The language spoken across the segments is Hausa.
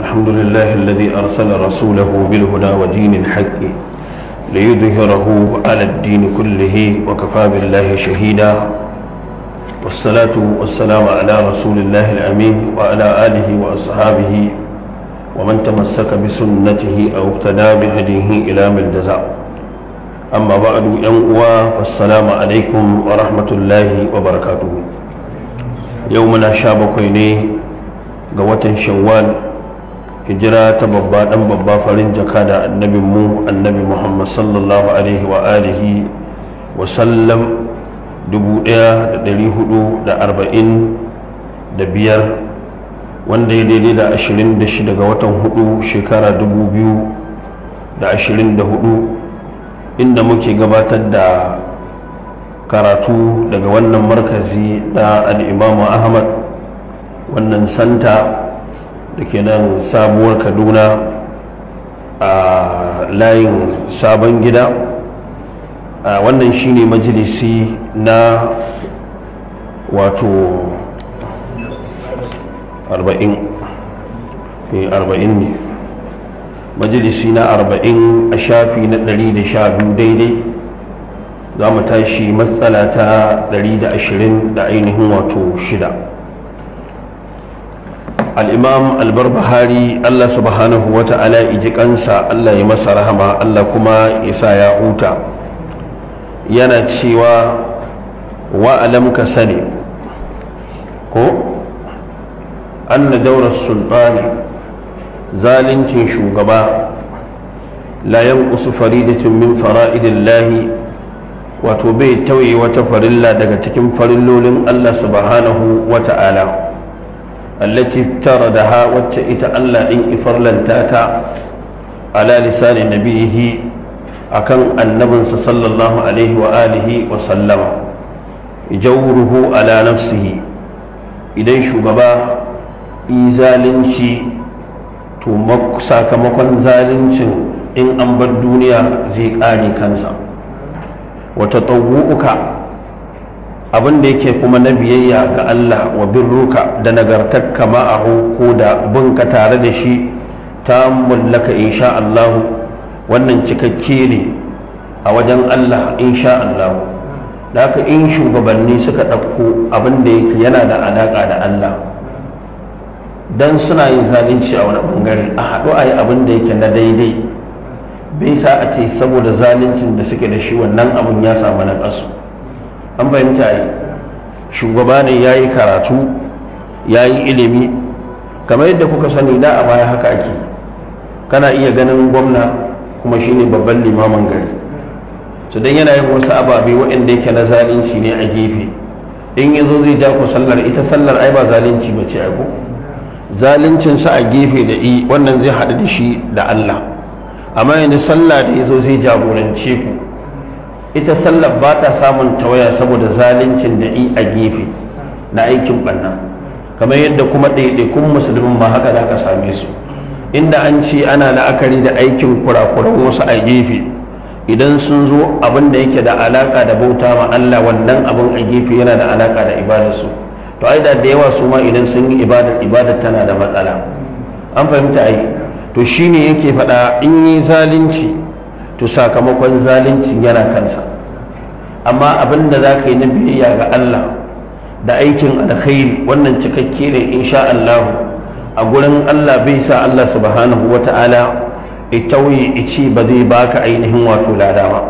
الحمد لله الذي أرسل رسوله بالهدى ودين الحق ليظهره على الدين كله وكفى بالله شهيدا والصلاة والسلام على رسول الله الأمين وعلى آله وأصحابه ومن تمسك بسنته أو اقتدى بهديه إلى ملدزا أما بعد ينقوى والسلام عليكم ورحمة الله وبركاته يومنا شابكيني قوة شوال hijira ta babba dan babba farin jaka da annabinmu mu annabi muhammad sallallahu alaihi wa alihi wa sallam 1445 wanda ya daidai da 26 ga watan hudu shekara 2024 inda muke gabatar da karatu daga wannan markazi na al'imamu ahmad wannan santa da ke nan sabuwar kaduna a layin sabon gida a wannan shine majalisi na wato 40 eh, ne majalisi na 40 a shafi na 112 daidai za mu tashi matsala ta 120 da ainihin wato shida al'imam albarbahari allah subhanahu wa ta'ala iji kansa allah ya masa rahama allah kuma isa ya huta yana cewa wa'alam ka sani ko anna daura sultani zalincin shugaba layan yanqusu da min fara'idillahi wato bai tauye wata farilla daga cikin farillolin allah subhanahu wa ta'ala التي افترضها وتشئت الله إن إفرلن تاتا على لسان نبيه أكن النبي صلى الله عليه وآله وسلم جوره على نفسه إذن شبابا إيزالنشي to sakamakon zaluncin in an bar duniya zai ƙare kansa wata uka abin da yake kuma na biyayya ga Allah wa birruka da nagartar kama a ko da bunka tare da shi ta mallaka insha Allah wannan cikakke ne a wajen Allah insha Allah da haka in shugabanni suka ɗauko abin da yake yana da alaƙa da Allah don suna yin zalunci a wani ɓangare a haɗu a yi abin da yake na daidai bai sa a ce saboda zaluncin da suke da shi wannan abin ya samu na ƙasu an fahimta yi shugaba ne ya yi karatu ya yi ilimi kamar yadda kuka sani da a baya haka ake kana iya ganin gwamna kuma shine babban limamin gari su don yana yin wasu ababe waɗanda yake na zalunci ne a gefe in yi zo zai ja ku sallar ita sallar ai ba zalunci ba ce aiko zaluncinsa a gefe da i wannan zai haɗu da shi da allah amma yanzu sallah da ya zo zai jagorance ku ita sallar ba ta samun tawaya saboda zaluncin da yi a gefe na aikin banna kamar yadda kuma ɗaiɗaikun musulmin ba haka za ka same su inda an ce ana la'akari da aikin kurakuran wasu a gefe idan sun zo abin da yake da alaka da bauta ma Allah wannan abin a gefe yana da alaka da su to ai da da yawa su ma idan sun yi ibada ibada tana da matsala an fahimta ai to shine yake faɗa in yi zalunci to sakamakon zalincin yana kansa amma abin da za ka yi na biyayya ga Allah da aikin alkhairi wannan cikakke ne insha Allah a gurin Allah bai sa Allah subhanahu wa wata'ala itauyi ici ba zai baka ainihin wato lada ba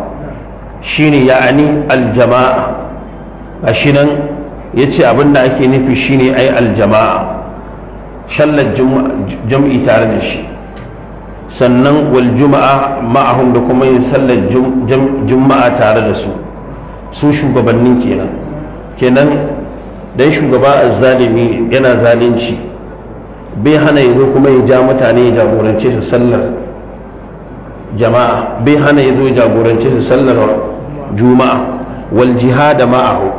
ne ya'ani aljama'a a shi nan ce abin da ake nufi shine ai aljama'a shallar jam'i tare da shi sannan wal juma'a ma'ahum da kuma yin sallar juma'a tare da su su shugabannin kenan kenan dan shugaba a zalimi yana zalunci bai hana yanzu kuma ya ja mutane ya jagorance su sallar jama'a bai hana yanzu ya jagorance su sallar juma'a wal jihada ma'ahu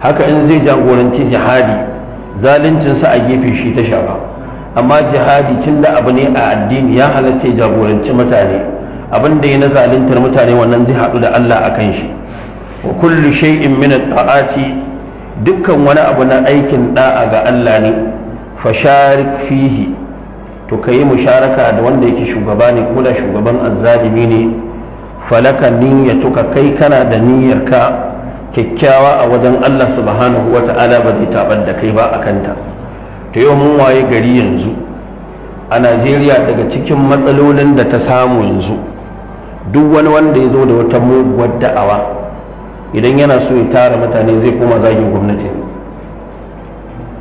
haka in zai jagoranci jihadi zaluncinsa a gefe shi ta shafa amma jihadi tun da abu ne a addini ya halatta jagoranci mutane abin da ya na zaluntar mutane wannan zai haɗu da Allah a kan shi wa kullu shay'in min ta'ati dukkan wani abu na aikin da'a ga Allah ne fasharik fihi to kayi musharaka da wanda yake shugaba ne ko da shugaban azzalimi ne falaka tuka kai kana da niyyarka kyakkyawa a wajen Allah subhanahu wata'ala ba zai tabar da kai ba a kanta ta yau mun waye gari yanzu a najeriya daga cikin matsalolin da ta samu yanzu duk wani wanda ya zo da wata muguwar da'awa idan yana so ya tara mutane zai koma zagin gwamnati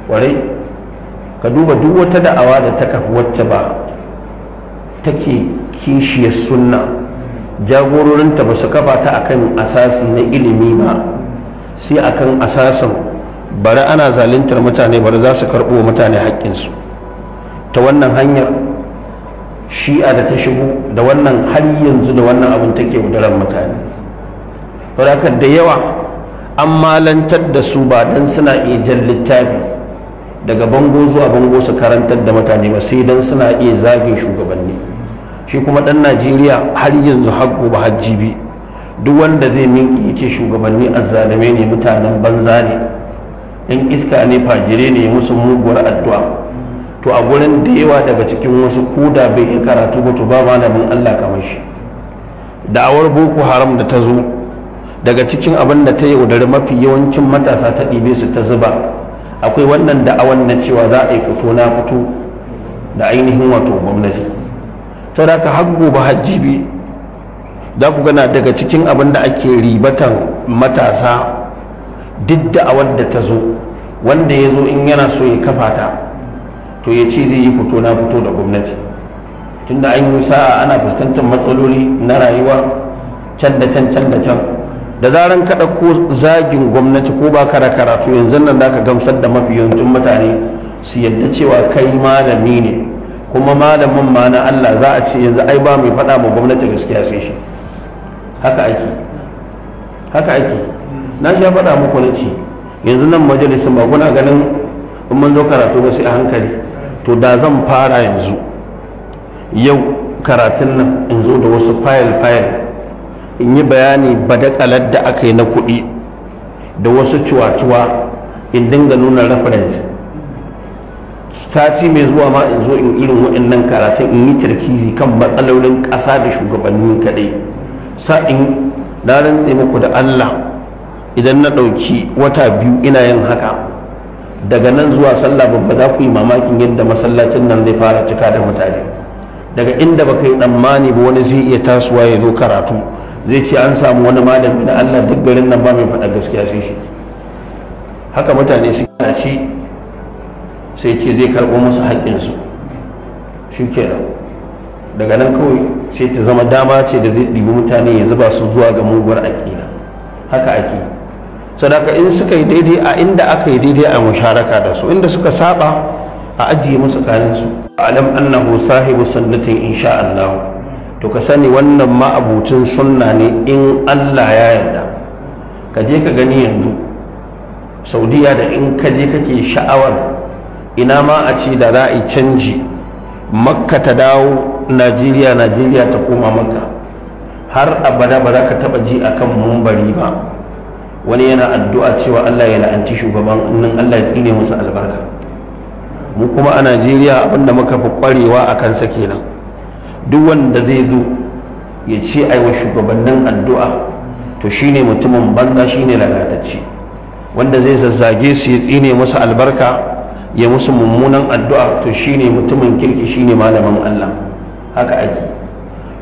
ƙwarai ka duba duk wata da'awa da ta kafi wacce ba take kishiyar sunna jagororinta ba su kafa ta akan asasi na ilimi ba sai akan asasin bari ana zaluntar mutane bari za su karɓo mutane haƙƙinsu ta wannan hanyar shi'a da ta shigo da wannan har yanzu da wannan abin take wudaran mutane haka da yawa an malantar da su ba don suna iya jan littafi daga bango zuwa bango su karantar da mutane ba sai don suna iya zagin shugabanni shi kuma ɗan najeriya har yanzu har ba hajji duk wanda zai minki ce shugabanni azzalame ne mutanen banza ne in iska ne fajire ne musu muguwar addu'a to a gurin da yawa daga cikin wasu koda bai yi karatu ba to ba malamin Allah kamar shi da'awar boko haram da ta zo daga cikin abin da ta yaudari mafi yawancin matasa ta ɗibe su ta zuba akwai wannan da'awar na cewa za a yi fito na fito da ainihin wato gwamnati to da ka har gobe hajjibi za ku gana daga cikin abin da ake ribatan matasa duk a da ta zo wanda ya zo in yana so ya kafa ta to ya ce zai yi fito na fito da gwamnati tunda an yi sa'a ana fuskantar matsaloli na rayuwa can da can can da can da zaran kada ko zagin gwamnati ko ba kara karatu yanzu nan da ka gamsar da mafi yawancin mutane su yadda cewa kai malami ne kuma malamin ma na Allah za a ce yanzu ai ba mai faɗa ma gwamnati gaskiya sai shi haka ake haka ake na sha faɗa muku na ce yanzu nan majalisin ba kuna ganin in mun zo karatu ba sai a hankali to da zan fara yanzu yau karatun nan in zo da wasu fayil fayil in yi bayani badakalar da aka yi na kuɗi da wasu ciwa-ciwa in dinga nuna reference sati mai zuwa ma in zo in irin waɗannan karatun in yi tarkizi kan matsalolin ƙasa da shugabannin kaɗai sa'in na rantse muku da allah idan na ɗauki wata biyu ina yin haka daga nan zuwa sallah babba za ku yi mamakin yadda masallacin nan zai fara cika da mutane daga inda ba kai tsammani ba wani zai iya tasowa ya zo karatu zai ce an samu wani malami da allah duk garin nan ba mai faɗa gaskiya sai shi haka mutane su yana shi sai ce zai karɓo musu haƙƙinsu shi kenan daga nan kawai sai ta zama dama ce da zai ɗibi mutane ya zuba su zuwa ga muguwar aƙida haka ake sadaka in suka yi daidai a inda aka yi daidai a musharaka da su inda suka saba a ajiye musu kayan su alam annahu sahibu sunnatin insha Allah to ka sani wannan ma'abucin sunna ne in Allah ya yarda ka je ka gani yanzu saudiya da in ka je kake sha'awar ina ma a ce da za a canji makka ta dawo najeriya najeriya ta koma makka har abada ba za ka taba ji akan mumbari ba wani yana addu'a cewa Allah ya la'anci shugaban nan Allah ya tsine musu albarka mu kuma a Najeriya abinda muka fi kwarewa a kansa kenan duk wanda zai zo ya ce ai wa shugabannin addu'a to shine mutumin banza shine lalatacce wanda zai zazzage su ya tsine musu albarka ya musu mummunan addu'a to shine mutumin kirki shine malamin Allah haka ake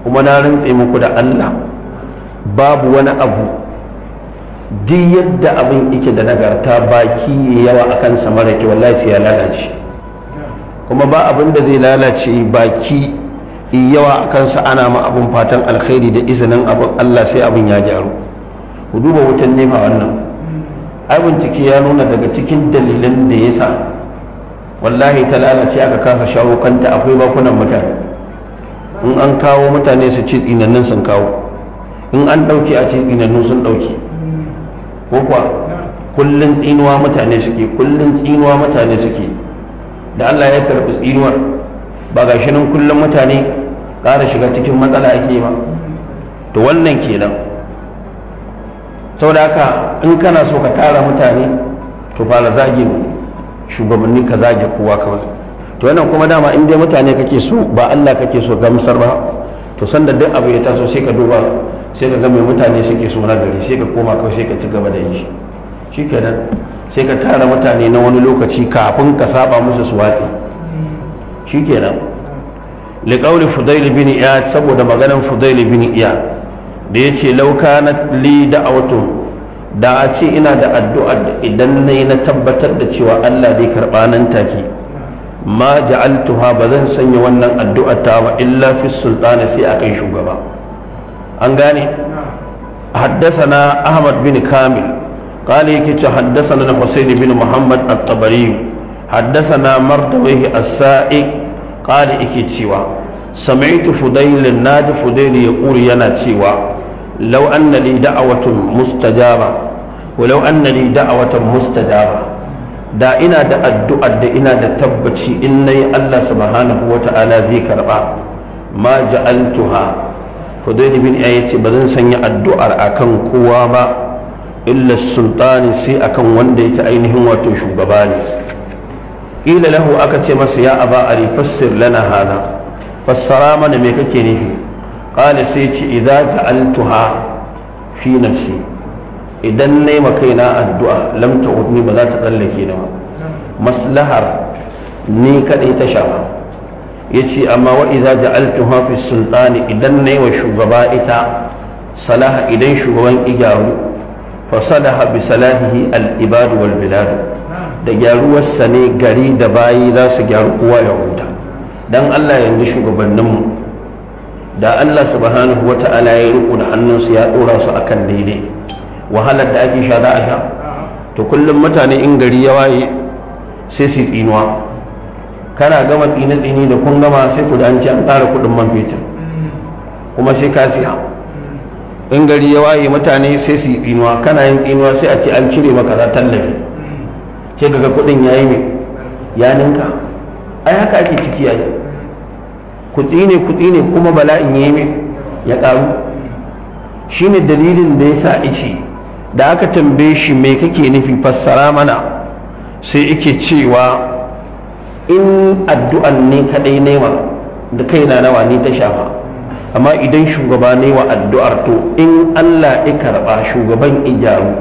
kuma na rantse muku da Allah babu wani abu duk yadda abin ike da nagarta baki yawa a kansa mara ke wallahi ya lalace kuma ba abin da zai lalace baki yawa a kansa ana ma abin fatan alkhairi da izinin abin allah sai abin ya gyaru ku duba wutan nema wannan ai bincike ya nuna daga cikin dalilan da ya sa wallahi ta lalace aka kasa shawo kanta akwai bakunan mutane in an kawo mutane su ci tsinannin sun kawo in an ɗauki a ci tsinannin sun ɗauki ko kuwa kullum tsinuwa mutane suke kullum tsinuwa mutane suke da Allah ya karɓi tsinuwar ba ga shi nan kullum mutane ƙara shiga cikin matsala ake ba to wannan kenan saboda haka in kana so ka tara mutane to fara zage shugabanni ka zage kowa kawai to wannan kuma dama in dai mutane kake so ba Allah kake so gamsar ba to sanda duk abu ya taso sai ka duba sai ka ga mai mutane suke suna gari sai ka koma kawai sai ka ci gaba da yi kenan sai ka tara mutane na wani lokaci kafin ka saba musu su watsi kenan liƙauri fudaili bin iya saboda maganar fudaili bin iya da yace lauka na li auto da a ce ina da addu'a idan na na tabbatar da cewa Allah zai karɓa nan take ma ja'altuha ba zan sanya wannan addu'ar ta ba illa fi sultana sai akan shugaba an gane haddasana ahmad bin kamil قال يكي حدثنا حسين بن محمد الطبري حدثنا مردويه السائي قال يكي سمعت فضيل الناد فضيل يقول ينا لو أن لي دعوة مستجابة ولو أن لي دعوة مستجابة da ina da addu'ar da ina da tabbaci in nayi Allah subhanahu ta'ala zai karba ma ja'altuha Hudayl bin ya ce ba zan sanya addu'ar akan kowa ba illa sultani sai akan wanda yake ainihin wato shugaba ne ila lahu aka ce masa ya aba ari fassir lana hana fassara mana me kake nufi qala sai ce idza ja'altuha fi nafsi idan na yi makaina addu'a lamta hudni ba za ta tsallake ni ba maslahar ni kaɗai ta ba ya ce amma wa'iza ja ja'altu fi sultani idan na yi wa shugaba ita salaha idan shugaban igyaru fasalaha bi salahihi al'ibadu wal biladu da gyaruwarsa ne gari da bayi za su gyaru kowa ya huta don allah yanzu shugabanninmu da allah subhanahu wa ta'ala ya riko da hannunsu ya ɗora su akan daidai wahalar da ake sha za a sha to kullum mutane in gari ya waye sai su tsinuwa kana gama tsine tsini da kun gama sai ku da an ce an ƙara kuɗin man fetur kuma sai ka siya in gari ya waye mutane sai su tsinuwa kana yin tsinuwa sai a ce an cire maka za tallafi ce kaga kuɗin ya yi mai ya ninka ai haka ake ciki yayi ku tsine ku tsine kuma bala'in ya yi mai ya ƙaru shine dalilin da ya sa ishi da aka tambaye shi me kake nufi fassara mana sai yake cewa in addu'an ne kadai nema da kai na nawa ne ta shafa amma idan shugaba ne wa addu'ar to in Allah ya karba shugaban ijaru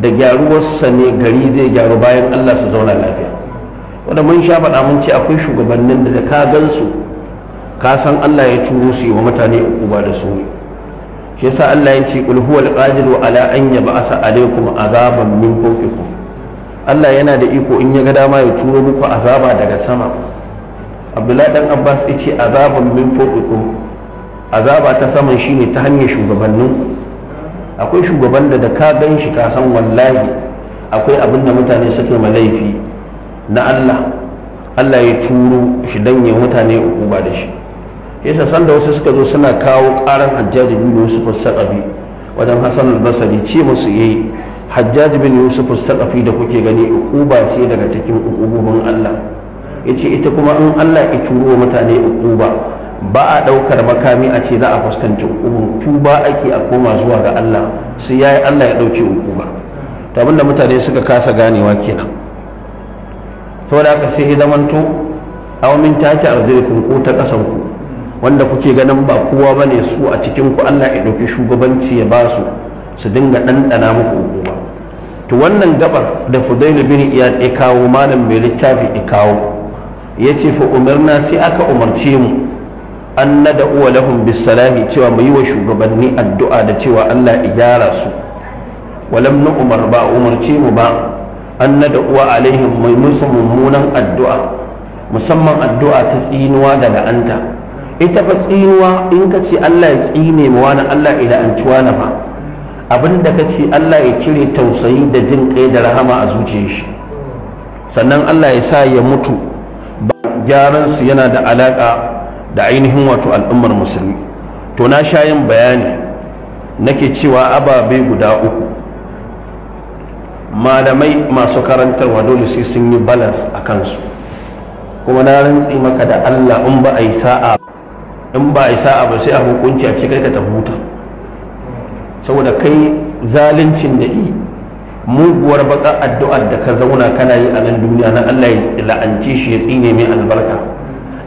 da gyaruwarsa ne gari zai gyaru bayan Allah su zauna lafiya wadda mun sha faɗa mun ce akwai shugabannin da ka gan su ka san Allah ya turo su yi wa mutane uba da su ne shi yasa Allah ya ce qul huwal wa ala an ba'asa alaykum azaban min fawqikum Allah yana da iko in ya ga dama ya turo muku azaba daga sama Abdullah dan Abbas yace azaban min fawqikum azaba ta saman shine ta hanyar shugabannin akwai shugaban da ka gan shi ka san wallahi akwai abin da mutane suke ma laifi na Allah Allah ya turo shi dan ya mutane uku ba da shi yasa sanda wasu suka zo suna kawo karan hajjaji bin yusuf sakafi wajen hasan al-basri ce musu yi eh, hajjaji bin yusuf sakafi da kuke gani ukuba ce daga cikin ukubobin Allah yace ita kuma in Allah ya turo mutane ukuba ba a daukar makami a ce za a fuskanci ukubun tuba ake a koma zuwa ga Allah sai yayi Allah ya dauke ukuba to abinda mutane suka kasa ganewa kenan saboda haka sai ya zamanto awamin take arzikin ko ta kasan wanda kuke ganin ba kowa ba ne su a cikin ku Allah ya ɗauki shugabanci ya ba su su dinga ɗanɗana muku ba to wannan gabar da fudailu bin iyad ya kawo malam mai littafi ya kawo ya ce fa umarna sai aka umarce mu an nada uwa lahum bisalami cewa mu yi wa shugabanni addu'a da cewa Allah ya gyara su walam na umar ba umarce mu ba an nada uwa alaihim mai musu mummunan addu'a musamman addu'a ta tsinuwa da la'anta ita fa tsinuwa in ka ce Allah ya tsine ma wani Allah ila an ci wani ma abinda ka ce Allah ya cire tausayi da jin kai da rahama a zuciyar shi sannan Allah ya sa ya mutu ba gyaran su yana da alaka da ainihin wato al'ummar musulmi to na sha yin bayani nake cewa ababe guda uku malamai masu karantarwa dole sai sun yi balance a kansu kuma na rantsi maka da Allah in ba a yi sa'a in ba isa ba sai a hukunci a ce ta ka tafi huta saboda kai zalincin da yi muguwar baka addu'ar da ka zauna kana yi a nan duniya na Allah ya la'anci shi ya tsine mai albarka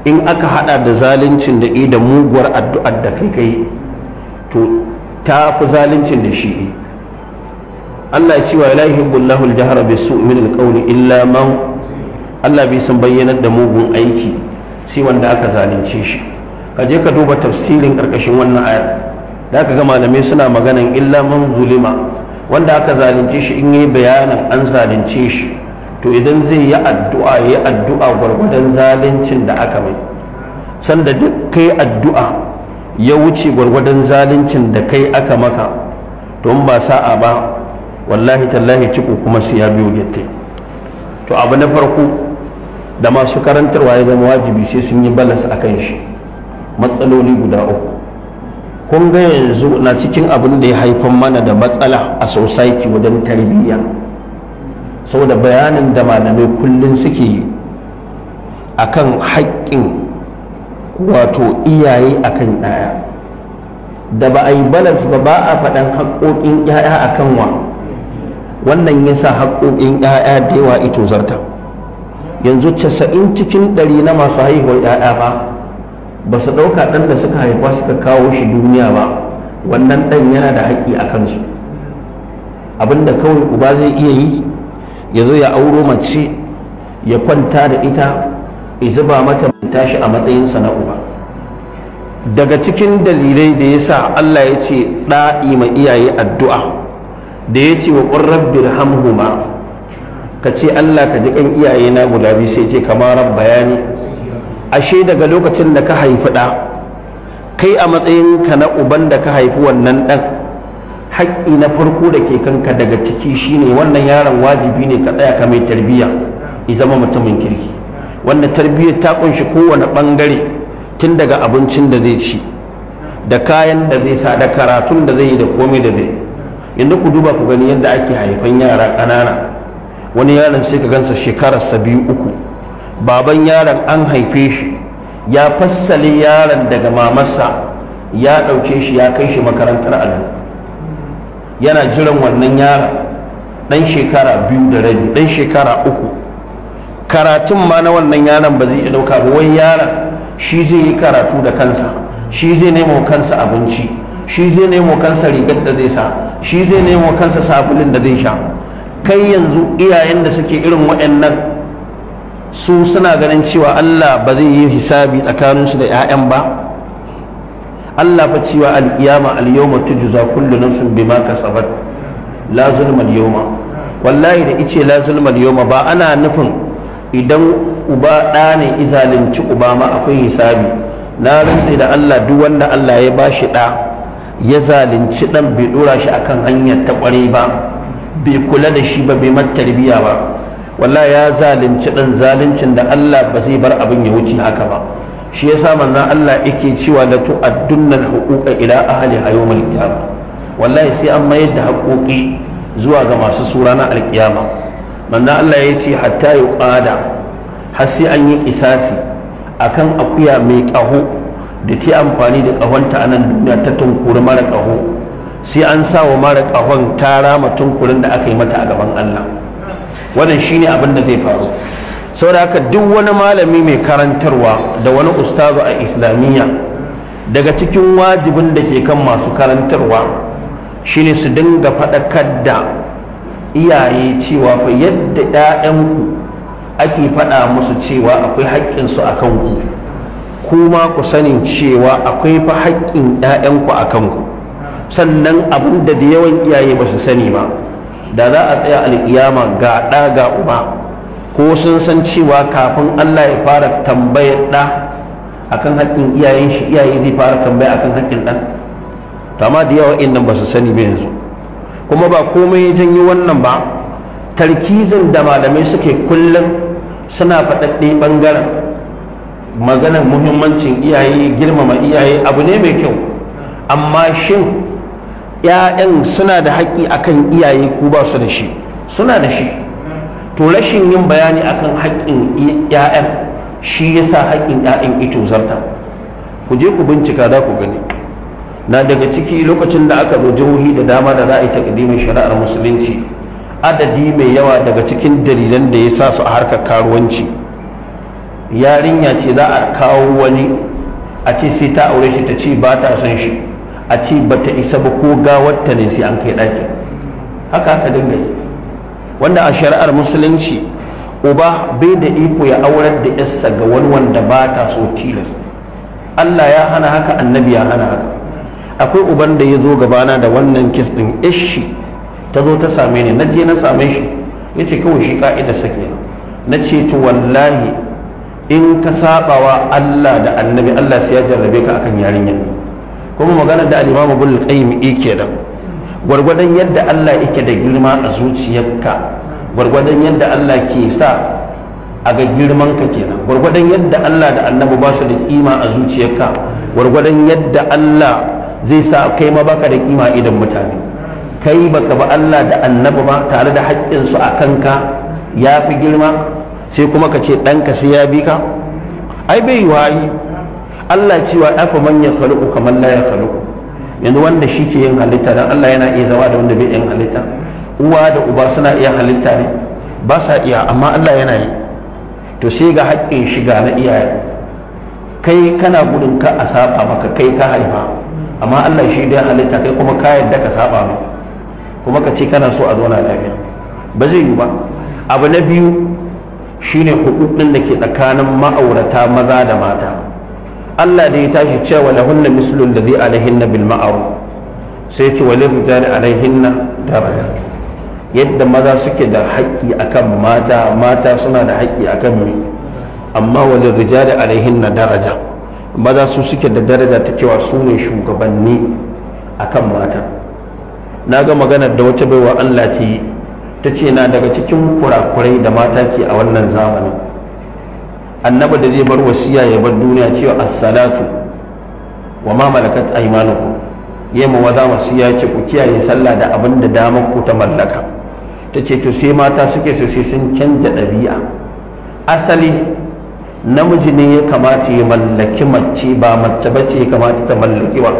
in aka hada da zaluncin da da muguwar addu'ar da kai kai to ta fi zaluncin da shi Allah ya ce wa la yuhibbullahu al-jahra bis-su'i illa man Allah bai san bayyanar da mugun aiki sai wanda aka zalunce shi ka je ka duba tafsirin karkashin wannan ayar da aka ga malamai suna maganan illa man zulima wanda aka zalunce shi in yi bayanin an zalunce shi to idan zai yi addu'a ya addu'a gwargwadon zaluncin da aka mai sanda duk kai addu'a ya wuce gwargwadon zaluncin da kai aka maka to ba sa'a ba wallahi tallahi ciko kuma su ya biyo gette to abu na farko da masu karantarwa ya zama wajibi sai sun yi balas a kan shi matsaloli guda uku kun ga yanzu na cikin abin da ya haifar mana da matsala a society wajen tarbiyya saboda bayanin da malamai kullum suke yi a kan haƙƙin wato iyaye a kan ɗaya da ba a yi balas ba ba a faɗan haƙoƙin ‘ya'ya kan wa wannan ya sa haƙoƙin ‘ya'ya da yawa ito zarta yanzu casa'in cikin ɗari na masu haihuwar ‘ya'ya ba ba su ɗauka ɗan da suka haifa suka kawo shi duniya ba wannan ɗan yana da haƙƙi a kansu abinda kawai uba zai iya yi ya zo ya auro mace ya kwanta da ita ya zuba mata tashi a matsayinsa na uba daga cikin dalilai da ya sa Allah ya ce ɗa'i ma iyaye addu'a da ya ce wa ƙurrabbir hamhuma ka ce Allah ka ji kan iyaye na guda biyu sai ce kamar bayani ashe daga lokacin da ka haifi ɗa kai a matsayin ka na uban da ka haifi wannan ɗan haƙƙi na farko da ke kanka daga ciki shine wannan yaron wajibi ne ka tsaya ka mai tarbiyya ya zama mutumin kirki Wannan tarbiyya ta kunshi kowane ɓangare tun daga abincin da zai ci da kayan da zai sa da karatun da zai yi da komai da zai yanzu ku duba ku gani yadda ake haifan yara ƙanana wani yaron sai ka gansa shekararsa biyu uku baban yaron an haife shi ya fassale yaron daga mamarsa ya ɗauke shi ya kai shi makarantar allo yana jiran wannan yaron ɗan shekara biyu da rabi ɗan shekara uku karatun ma na wannan yaron ba zai iya ɗauka ba wai yaron shi zai yi karatu da kansa shi zai nemo kansa abinci shi zai nemo kansa rigar da zai sa shi zai nemo kansa sabulin da zai sha kai yanzu iyayen da suke irin waɗannan su suna ganin cewa Allah ba zai yi hisabi tsakaninsu da 'ya'yan ba Allah fa cewa alƙiyama al-yawma tujza kullu nafsin bima kasabat la zulma al wallahi da ice la zulma al ba ana nufin idan uba da ne izalinci uba ma akwai hisabi na rantsi da Allah duk wanda Allah ya bashi ɗa ya zalunci ɗan bai ɗora shi akan hanyar ta ƙware ba bai kula da shi ba bai mata tarbiyya ba wallahi ya zalunci ɗan zaluncin da Allah ba zai bar abin ya wuce haka ba shi yasa manna Allah yake cewa la tu'addunnal huquqa ila ahliha yawmal qiyamah wallahi sai an mayar da haƙoƙi zuwa ga masu sura na alƙiyama manna Allah ya ce hatta yuqada har sai an yi kisasi akan akuya mai ƙaho da ta amfani da ƙahonta a nan duniya ta tunkuri mara ƙaho sai an sa wa mara ƙahon ta rama tunkurin da aka yi mata a gaban Allah wannan shine abin da zai faru saboda haka duk wani malami mai karantarwa da wani ustazu a islamiyya daga cikin wajibin da ke kan masu karantarwa shine su dinga faɗakar da iyaye cewa fa yadda ɗayanku ake faɗa musu cewa akwai haƙƙinsu a kanku kuma ku sani cewa akwai fa haƙƙin 'ya'yanku a kanku sannan abin da da yawan iyaye ba su sani ba da za a tsaya alƙiyama ga ɗa ga uba ko sun san cewa kafin Allah ya fara tambayar ɗa akan haƙƙin iyayen shi iyaye zai fara tambaya akan haƙƙin ɗan to amma da yawa nan ba su sani ba yanzu kuma ba komai ya janyo wannan ba tarkizin da malamai suke kullum suna faɗaɗɗe ɓangaren maganar muhimmancin iyaye girmama iyaye abu ne mai kyau amma shin 'ya'yan suna da haƙƙi akan iyaye ko ba su da shi suna da shi to rashin yin bayani akan haƙƙin 'ya'yan shi yasa haƙƙin 'ya'yan ito zarta ku je ku bincika za ku gani na daga ciki lokacin da aka zo jihohi da dama da za a yi takadimin shari'ar musulunci adadi mai yawa daga cikin dalilan da ya sa su a harkar karuwanci yarinya ce za a kawo wani a ce sai ta aure shi ta ce ba ta son shi a ce ba ta isa ba ko gawarta ne sai an kai ɗaki haka haka dinga yi wanda a shari'ar musulunci uba bai da iko ya aurar da yarsa ga wani wanda ba ta so tilas Allah ya hana haka annabi ya hana haka akwai uban da ya zo gabana da wannan kis ɗin ishi ta zo ta same ni na je na same shi ya ce kawai shi ka'ida sake na ce to wallahi in ka sabawa Allah da annabi Allah sai ya jarrabe ka akan yarinyar kuma maganar da al-imamu ibn al-qayyim yake da gwargwadon yadda Allah yake da girma a zuciyarka gwargwadon yadda Allah ke sa a ga girman ka kenan gwargwadon yadda Allah da annabi ba su da kima a zuciyarka gwargwadon yadda Allah zai sa kai ma baka da kima idan mutane kai baka ba Allah da annabi ba tare da haƙƙin su a kanka ya fi girma sai kuma ka ce ɗanka sai ya bi ka ai bai yi wayi Allah cewa afa man ya khaluqu kaman la ya yanzu wanda shi ke yin halitta dan Allah yana iya zama da wanda bai yin halitta uwa da uba suna iya halitta ne ba sa iya amma Allah yana yi to sai ga haƙƙin shiga na iyaye kai kana gudun ka a saba maka kai ka haifa amma Allah shi dai halitta kai kuma ka yadda ka saba mai kuma ka ce kana so a zauna lafiya ba zai yi ba abu na biyu shine hukukun da ke tsakanin ma'aurata maza da mata Allah da ya tashi cewa lahunna da zai alaihin na bilma'aru sai ce walil alaihin na daraja yadda maza suke da haƙƙi akan mata mata suna da haƙƙi akan mu amma walil alaihin na daraja maza su suke da daraja ta cewa su ne shugabanni akan mata na ga maganar da wata baiwa Allah ce ta ce na daga cikin kurakurai da mata ke a wannan zamanin annaba da zai bar wasiya ya bar duniya cewa as-salatu wa ma malakat aymanukum yema waza wasiya ce ku kiyaye sallah da abin da damar ku ta mallaka tace to sai mata suke so sai sun canja dabi'a asali namiji ne ya kamata ya mallaki mace ba mace bace ya kamata ta mallaki ba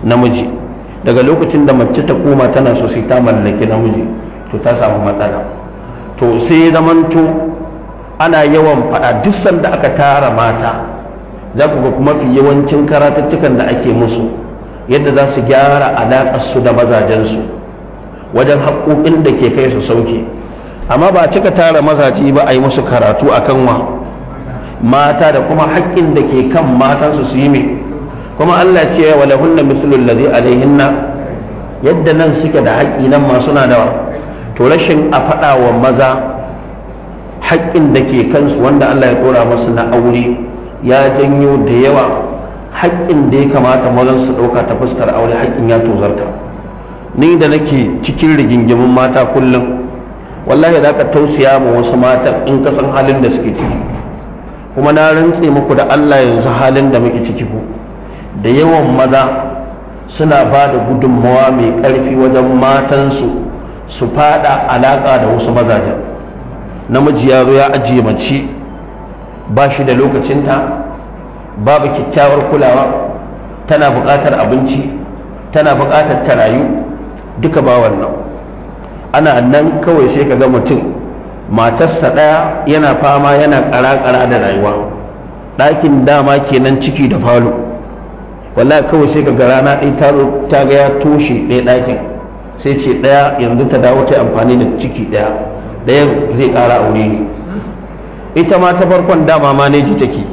namiji daga lokacin da mace ta koma tana so sai ta mallaki namiji to ta samu matsala to sai zamanto ana yawan faɗa duk sanda aka tara mata za ku ga fi yawancin karatuttukan da ake musu yadda za su gyara su da mazajensu wajen haƙoƙin da ke kai su sauke amma ba cika tara mazaje ba a yi musu karatu a kan wa mata da kuma haƙƙin da ke kan matansu su yi mai kuma allah ce wa lahunna mislul ladhi alaihinna yadda nan suke da haƙƙi nan ma suna da to rashin a faɗa wa maza haƙƙin da ke kansu wanda Allah ya ɗora masu na aure ya janyo da yawa haƙƙin da ya kamata mazan su ɗauka ta fuskar aure haƙƙin ya tozarta ni da nake cikin rigingimin mata kullum wallahi za ka tausaya ma wasu matan in ka san halin da suke ciki kuma na rantse muku da Allah yanzu halin da muke ciki ku da yawan maza suna ba da gudunmawa mai ƙarfi wajen matansu su fada alaƙa da wasu mazajen namiji ya zo ya ajiye mace ba shi da lokacinta babu kyakkyawar kulawa tana buƙatar abinci tana buƙatar ta rayu duka ba wannan ana nan kawai sai ka ga mutum matarsa ɗaya yana fama yana ƙara-ƙara da rayuwa ɗakin dama kenan ciki da falo wallahi kawai sai ka ga rana ɗaya ta ga ya toshe ɗaya ɗakin sai ce ɗaya yanzu ta dawo ta yi amfani da ciki ɗaya ɗayan zai ƙara aure ne ita ma ta farkon dama ne ji take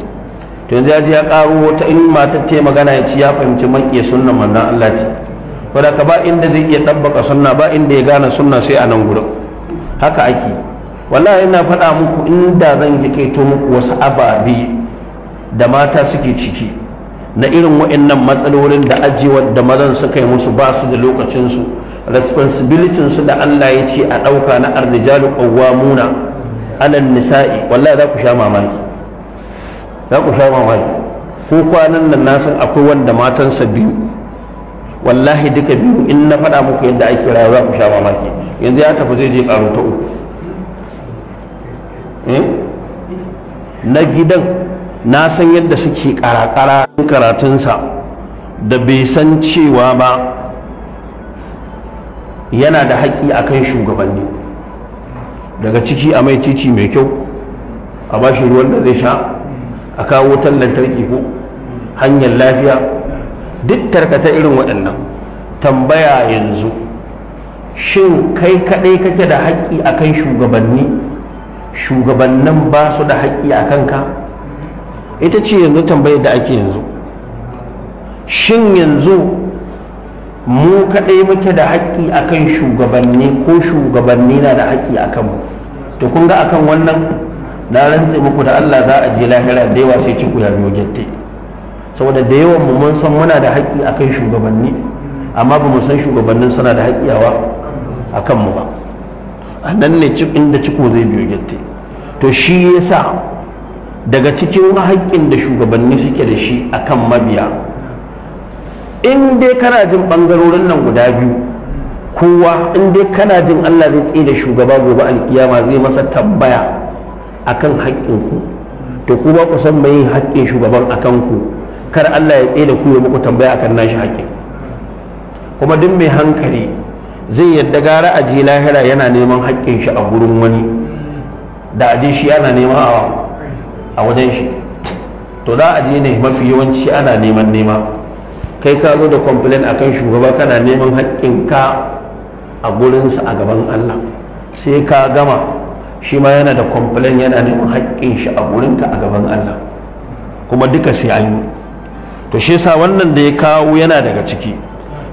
to yanzu yaji ji ya ƙaro wata in matar ta magana ya ci ya fahimci maƙiya sunan manzon Allah ce ka ba inda zai iya ɗabbaka sunna ba inda ya gane sunna sai a nan gurin haka ake wallahi ina faɗa muku inda zan hikaito muku wasu ababe da mata suke ciki na irin nan matsalolin da ajiyewar da mazan suka yi musu ba su da lokacinsu responsibilitin su da Allah ya ce a ɗauka na arrijalu Muna, alal nisa'i wallahi za ku sha mamaki za ku sha mamaki ko kwanan nan na san akwai wanda matansa biyu wallahi duka biyu in na faɗa muku yadda ake rayuwa za ku sha mamaki yanzu ya tafi zai je ƙaru ta uku eh? na gidan na san yadda suke karakara karatunsa da bai san cewa ba yana da haƙƙi a kan shugabanni daga ciki a mai cici mai kyau a ba shi ruwan da zai sha a kawo wutar lantarki ko hanyar lafiya duk tarkata irin waɗannan tambaya yanzu shin kai kaɗai kake da haƙƙi a kan shugabanni shugabannin ba su da haƙƙi a kanka ita ce yanzu tambayar da ake yanzu shin yanzu mu kaɗai muke da haƙƙi akan shugabanni ko shugabanni na da haƙƙi akan mu to kun ga akan wannan na rantse muku da Allah za a je lahira da yawa sai ciku ya biyo gette saboda da yawan mu mun san muna da haƙƙi akan shugabanni amma ba mu san shugabannin suna da haƙƙi a kanmu ba a nan ne inda ciko zai biyo gette to shi yasa daga cikin haƙƙin da shugabanni suke da shi akan mabiya in dai kana jin bangarorin nan guda biyu kowa in dai kana jin Allah zai tsira shugaba gobe alkiyama zai masa tambaya akan ku, to ku ba ku san mai haƙƙin shugaban akan ku kar Allah ya tsira ku ya muku tambaya akan nashi haƙƙin kuma duk mai hankali zai yadda gara a je lahira yana neman haƙƙin shi a gurin wani da aje shi ana nema a wajen shi to da aje ne mafi yawanci ana neman nema kai ka zo da complain akan shugaba kana neman haƙƙinka a gurinsa a gaban Allah sai ka gama shi ma yana da complain yana neman haƙƙin shi a gurinka a gaban Allah kuma duka sai an yi to shi yasa wannan da ya kawo yana daga ciki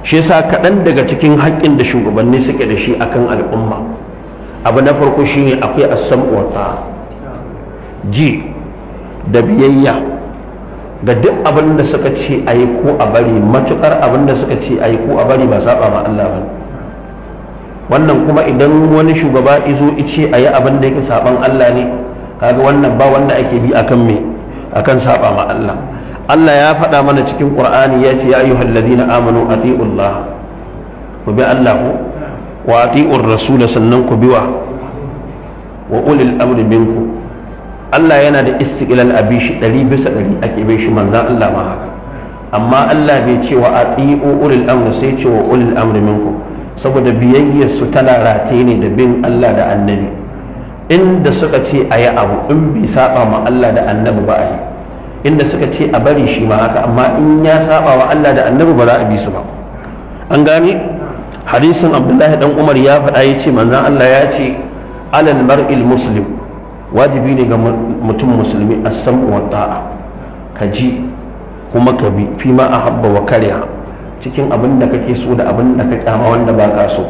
shi yasa kaɗan daga cikin haƙƙin da shugabanni suke da shi akan al'umma abu na farko shine akwai assam wa ji da biyayya ga duk abin da suka ce a yi ko a bari matukar abin da suka ce a yi ko a bari ba saba ma Allah ba wannan kuma idan wani shugaba izo ice a yi abin da yake saban Allah ne kaga wannan ba wanda ake bi akan me akan saba ma Allah Allah ya faɗa mana cikin Qur'ani ya ce ya ayyuhal ladina amanu atiullah ku bi Allah ku wa atiur rasul sannan ku bi wa ulil amri binku Allah yana da istiqlal a shi ɗari bisa ɗari ake bai shi manzan Allah ma haka amma Allah bai ce wa o ulil amri sai ce wa ulil amri minku saboda biyayyar su tana rataye ne da bin Allah da annabi inda suka ce a yi abu in bai saba ma Allah da annabi ba a yi inda suka ce a bari shi ma haka amma in ya saba wa Allah da annabi ba za a bi su ba an gane hadisin abdullahi dan umar ya faɗa ya ce manzan Allah ya ce alal mar'il muslim wajibi ne ga mutum musulmi a san wa ta'a ka ji kuma ka bi fi ma a habba wa karya cikin abin da kake so da abin da ka kyama wanda ba ka so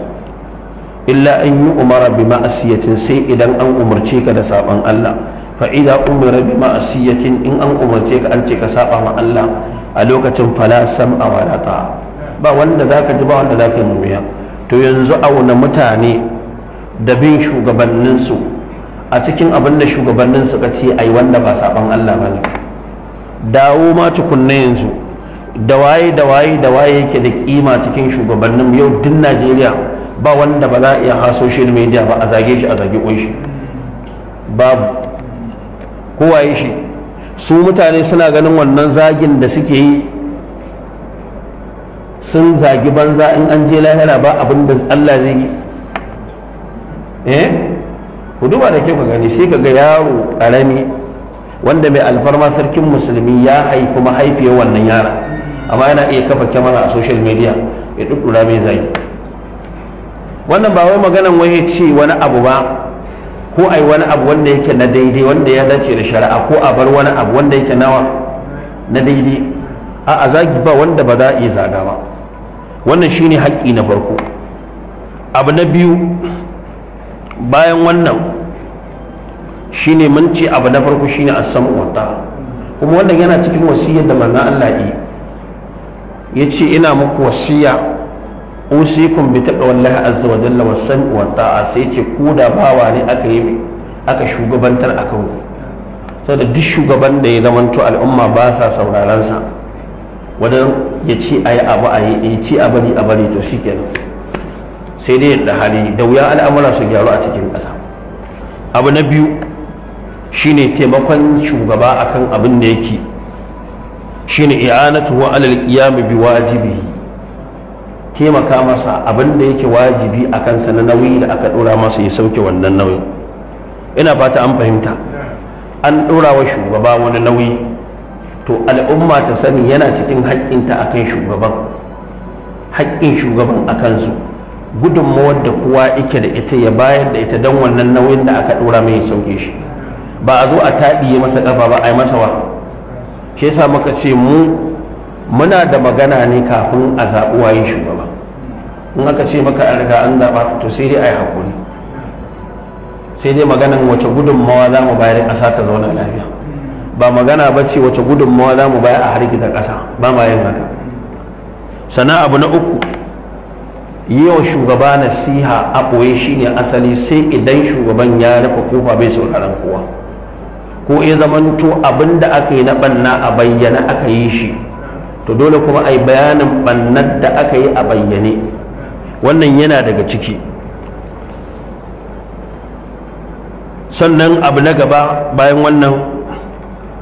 illa an yi umara bi ma'asiyatin sai idan an umarce ka da saban Allah fa idza umira bi ma'asiyatin in an umarce ka an ce ka saba ma Allah a lokacin fala sam'a wala ba wanda zaka ji ba wanda zaka yi to yanzu auna mutane da bin shugabanninsu a cikin abin da shugabannin suka ce ai wanda ba saban Allah ba ne dawo ma tukunna yanzu da waye da waye da waye yake da kima cikin shugabannin yau duk Najeriya ba wanda ba za a iya ha social media ba a zage shi a zage shi babu waye shi su mutane suna ganin wannan zagin da suke yi sun zagi banza in an je lahira ba abin da Allah zai yi eh ku duba da kyau ka gani sai ka ga yaro ƙarami wanda mai alfarma sarkin musulmi ya haifi mahaifiyar wannan yara amma yana iya kafa kyamara a social media ya ɗuɗɗura mai zai wannan ba wai maganan wai ce wani abu ba ko ai wani abu wanda yake na daidai wanda ya dace da shari'a ko a bar wani abu wanda yake nawa na daidai a a zagi ba wanda ba za a iya zaga ba wannan shine haƙƙi na farko abu na biyu bayan wannan ne mun ce abu na farko shine a san wata kuma wannan yana cikin wasiyar da manzon Allah yi yace ina muku wasiya usikum bi taqwallahi azza wa jalla was sam'u wa sai ce ko da bawa ne aka yi aka shugabantar a ku saboda duk shugaban da ya zamanto al'umma ba sa sauraron sa wadan ya ce ayi abu ya ce a bari a bari to shikenan sai dai yadda hali da wuya al'amura su gyaru a cikin ƙasa abu na biyu shine taimakon shugaba akan abin da yake shine i'anatu wa alal qiyam bi wajibi taimaka masa abin da yake wajibi a kansa na nauyi da aka dora masa ya sauke wannan nauyin ina fata an fahimta an dora wa shugaba wani nauyi to al'umma ta sani yana cikin haƙƙinta akan shugaban haƙƙin shugaban a kansu. gudunmawar da kowa ike da ita ya bayar da ita don wannan nauyin da aka ɗora mai sauke shi ba a zo a yi masa ƙafa ba a yi masa wa shi yasa muka ce mu muna da magana ne kafin a zaɓi wayin shugaba in aka ce maka an riga an zaɓa to sai dai a yi haƙuri sai dai maganan wace gudunmawa za mu bayar a sata zauna lafiya ba magana ba ce wace gudunmawa za mu bayar a hargita ƙasa ba ma yin haka sana abu na uku yi wa shugaba nasiha a ɓoye shi ne asali sai idan shugaban ya rufe kofa bai sauraron kowa ko ya zamanto abin da aka yi na banna a bayyana aka yi shi to dole kuma a yi bayanin bannan da aka yi a bayyane wannan yana daga ciki sannan abu na gaba bayan wannan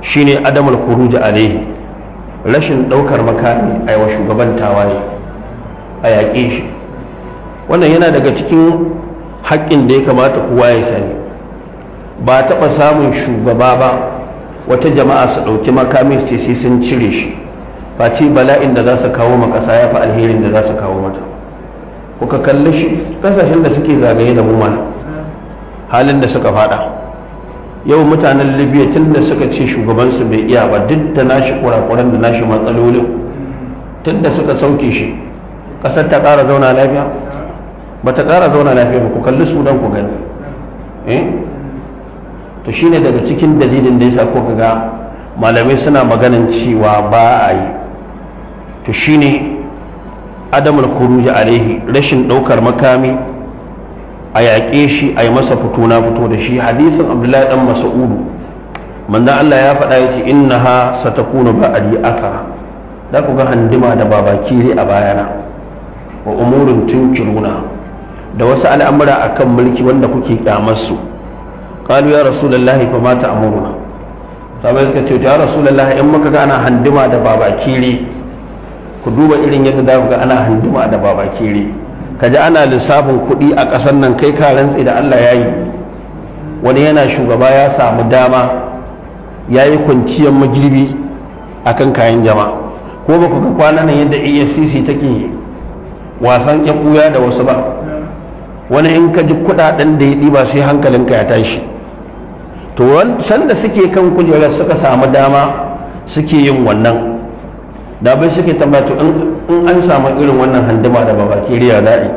shine adamul kuruji alaihi rashin ɗaukar makami a yawa shugaban tawaye a yaƙe shi wannan yana daga cikin haƙƙin da ya kamata kowa ya sani ba taɓa samun shugaba ba wata jama'a su ɗauki makamin ce sai sun cire shi face bala'in da za su kawo ma ƙasa ya fi alherin da za su kawo mata kuka kalli shi ƙasashen da suke zagaye da mu halin da suka faɗa yau mutanen libya tun da suka ce shugabansu bai iya ba duk da nashi kurakuran da nashi matsalolin tun da suka sauke shi ƙasar ta ƙara zauna lafiya bata ta ƙara zauna lafiya ba ku kalli su don ku gani eh? to shine daga cikin dalilin da yasa ko ga malamai suna maganin cewa ba a yi to shine adamul khuruj alaihi rashin ɗaukar makami a yaƙe shi a yi masa fito na fito da shi hadisin abdullahi dan mas'udu manzon Allah ya faɗa ya ce innaha satakunu ba'ali athara za ku ga handima da babaki a bayana wa umurin tunkiruna da wasu al'amura akan mulki wanda kuke ƙyamarsu su qalu ya rasulullahi fa mata amuruna sabai suka ce ya rasulullahi in muka ga ana handima da babakire ku duba irin yadda za ku ga ana handima da babakire ka ji ana lissafin kuɗi a ƙasar nan kai ka rantsi da Allah ya yi wani yana shugaba ya samu dama ya yi kwanciyar magirbi a kan kayan jama ko ba ku ga kwanan nan yadda efcc take wasan ya da wasu ba wani in ka ji kudaden da ya ɗiba sai hankalinka ya tashi to sanda suke kan kujerar suka samu dama suke yin wannan da bai suke tambaya in an samu irin wannan handima da baki riya da'i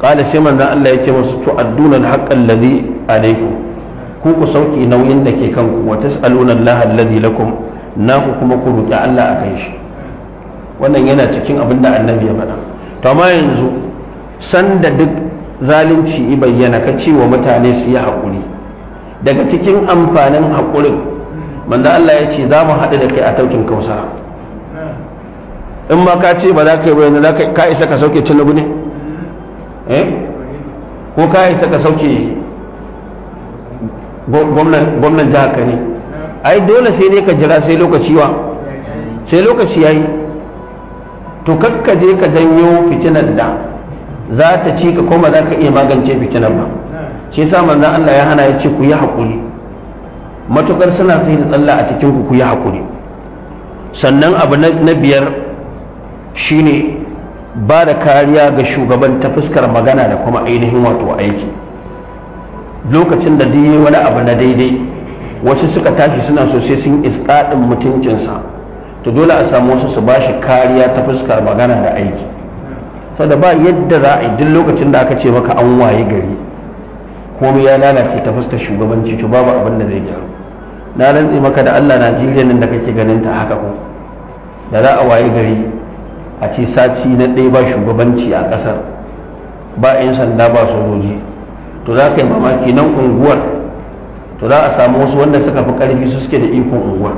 kada sai manzon Allah ya ce musu to addunan haqqal ladhi alaikum ku ku sauki nauyin da ke kanku wa tas'aluna Allah alladhi lakum ku kuma ku roki Allah akan shi wannan yana cikin abin da annabi ya faɗa to amma yanzu sanda duk zalunci i bayyana ka ce wa mutane su yi haƙuri daga cikin amfanin haƙurin manda Allah ya ce za mu haɗu da kai a taukin kausa in ma ka ce ba za ka yi bayan yanzu ka isa ka sauke tunubu ne eh? ko ka isa ka sauke gwamnan jihar ka ne ai dole sai ne ka jira sai lokaci wa sai lokaci ya yi to kakka je ka janyo fitinar da za ta ci ka koma za ka iya magance fitinar ba shi yasa manzon Allah ya hana ya ce ku yi haƙuri matukar suna sai da tsalla a cikin ku ku yi haƙuri sannan abu na biyar shine ba da kariya ga shugaban ta fuskar magana da kuma ainihin wato aiki lokacin da dai wani abu na daidai wasu suka tashi suna sosai sai sun iskaɗin mutuncinsa to dole a samu wasu su ba shi kariya ta fuskar magana da aiki saboda ba yadda za a yi duk lokacin da aka ce maka an waye gari komai ya lalace ta fuskar shugabanci to babu abin da zai gyaru na rantse maka da Allah Najeriya nan da kake ganin ta haka ko da za a waye gari a ce sati na ɗaya ba shugabanci a ƙasar ba 'yan sanda ba sojoji to za ka yi mamaki nan unguwar to za a samu wasu wanda suka fi ƙarfi su suke da ikon unguwar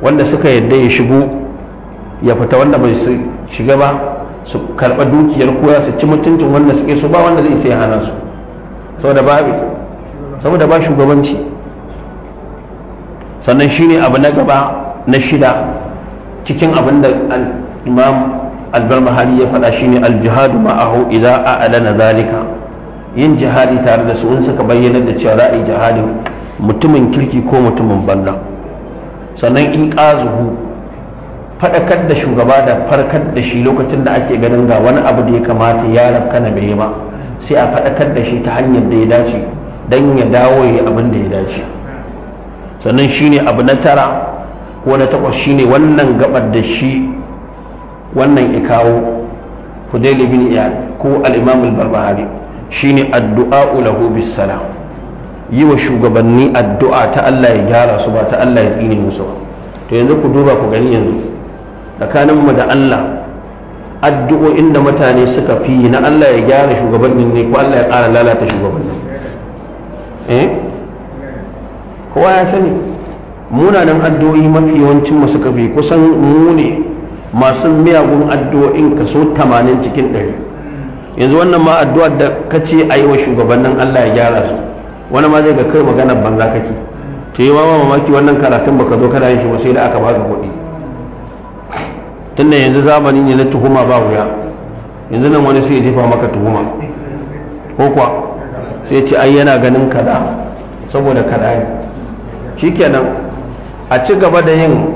wanda suka yadda ya shigo ya fita wanda bai shiga ba su karɓa dukiyar koya su ci mutuncin wanda suke su ba wanda zai sai hana su saboda babu saboda ba shugabanci sannan shi ne abu na gaba na shida cikin abin da imam mahari ya faɗa ne aljihadu ma'ahu a a'lana zalika yin jihadi tare da su in suka bayyana da cewa za yi jihadin mutumin kirki ko mutumin banza sannan in ƙazuhu faɗakar da shugaba da farkar da shi lokacin da ake ganin ga wani abu da ya kamata ya na bai ba sai a faɗakar da shi ta hanyar da ya dace don ya dawo ya abin da ya dace sannan shine abu na tara ko na takwas shine wannan gabar da shi wannan ya kawo hudaili bin iya ko al'imamul barbahari shine addu'a lahu bisala yi wa shugabanni addu'a ta Allah ya gyara su ba ta Allah ya tsine musu ba to yanzu ku duba ku gani yanzu tsakaninmu da Allah addu'o'in da mutane suka fi na Allah ya gyara shugabannin ne ko Allah ya ƙara lalata shugabannin eh kowa ya sani munanan addu'o'i mafi yawancin mu suka fi kusan mu ne masu miyagun addu'o'in kaso 80 cikin 100 yanzu wannan ma addu'ar da kace ayi wa shugabannin Allah ya gyara su wani ma zai ga kai magana banza kake to yi ma mamaki wannan karatun baka zo kana yin shi ba sai da aka baka kuɗi tun da yanzu zamani ne na tuhuma ba wuya yanzu nan wani sai ya jefa maka tuhuma ko kuwa sai ce ai yana ganin kada saboda kada ne shikenan a ci gaba da yin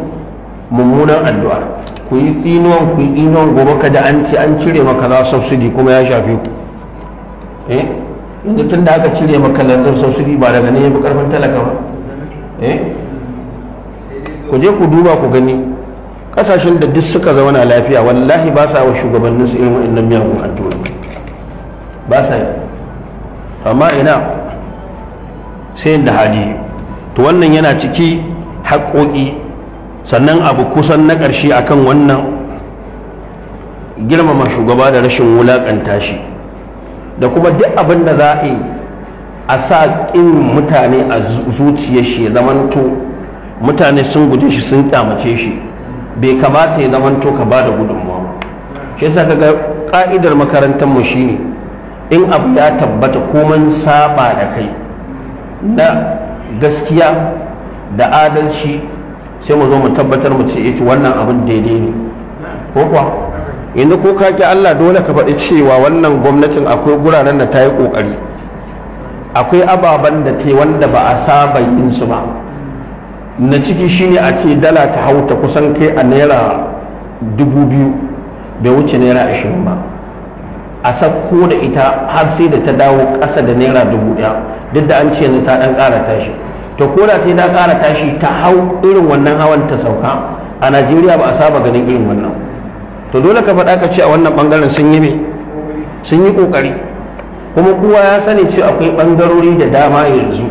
mummunan addu'a ku yi tsinuwan ku yi tsinuwan gobe kada an ce an cire maka za subsidy kuma ya shafe ku eh inda tun da aka cire maka lantar subsidy ba daga ne ya fi karfin talaka ba eh ku je ku duba ku gani kasashen da duk suka zauna lafiya wallahi ba sa wa shugabannin su irin wa'annan miyagun addu'o'i ba sa yi amma ina sai da hali to wannan yana ciki haƙoƙi sannan abu kusan na ƙarshe akan wannan girmama shugaba da rashin wulaƙanta shi da kuma duk abin da za a yi a sa ƙin mutane a zuciyar shi zamanto mutane sun guje shi sun ƙyamace shi bai kamata ya zamanto ka ba da gudunmawa shi yasa ga ka'idar makarantar mu shine in abu ya tabbata komai saba da kai na gaskiya da adalci sai mu zo mu tabbatar mu ce ita wannan abin daidai ne ko kuwa yanzu ko ka ki Allah dole ka faɗi cewa wannan gwamnatin akwai guraren da ta yi ƙoƙari akwai ababen da ta yi wanda ba a saba yin su ba na ciki shine a ce dala ta hau ta kusan kai a naira dubu biyu bai wuce naira ashirin ba a sakko da ita har sai da ta dawo kasa da naira dubu ɗaya duk da an ce yanzu ta ɗan ƙara tashi to ko da ta ƙara tashi ta hau irin wannan hawan ta sauka a najeriya ba a saba ganin irin wannan to dole ka faɗa ka ce a wannan ɓangaren sun yi sun yi ƙoƙari kuma kowa ya sani ce akwai ɓangarori da dama yanzu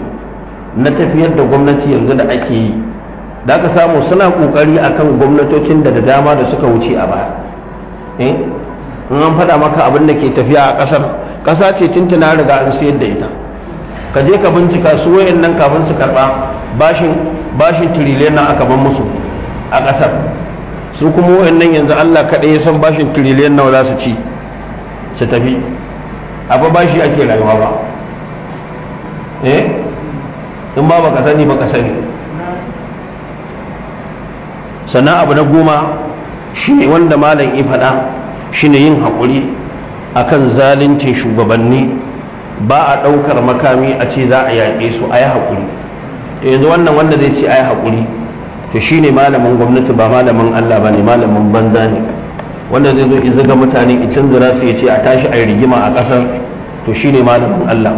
na tafiyar da gwamnati yanzu da ake yi da aka samu suna kokari akan gwamnatocin da da dama da suka wuce a baya eh? in an faɗa maka abin da ke tafiya a ƙasar ƙasa ce tuntuna riga an sayar da ita ka je ka bincika su wayan nan kafin su karɓa bashin bashin tiriliyan nan aka ban musu a ƙasar su kuma wayan nan yanzu Allah kaɗai ya san bashin tiriliyan nawa za su ci su tafi a ba bashi ake rayuwa ba eh in ba baka sani baka sani sannan abu na goma shine wanda malam ya faɗa shine yin haƙuri akan zalincin shugabanni ba a ɗaukar makami a ce za a yaƙe su a yi haƙuri da yanzu wannan wanda zai ce a yi haƙuri to shine malamin gwamnati ba malamin allah ba ne malamin banza ne wanda zai zo in zaga mutane in canzura su ya ce a tashi a yi rigima a ƙasar to shine malamin allah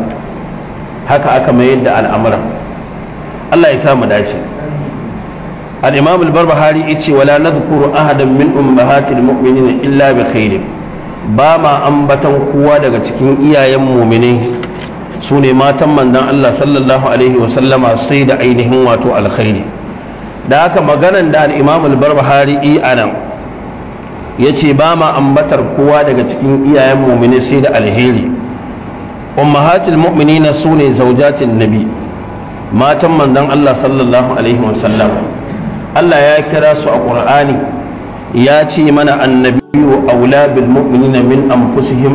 haka aka mayar da al'amuran Allah ya sa mu dace al-imam al-barbahari yace wala nadhkuru ahadan min ummahatil mu'minin illa bi khair ba ma ambatan kowa daga cikin iyayen mu'minin su ne matan manzon Allah sallallahu alaihi wa sallama sai da ainihin wato alkhairi da haka maganan da al-imam al-barbahari yi anan yace ba ma ambatar kowa daga cikin iyayen mu'minin sai da alheri ummahatil mu'minina su ne zaujatin nabi matan manzon Allah sallallahu alaihi wasallam Allah ya kira su a Qur'ani ya ce mana annabiyyu aula bil mu'minina min anfusihim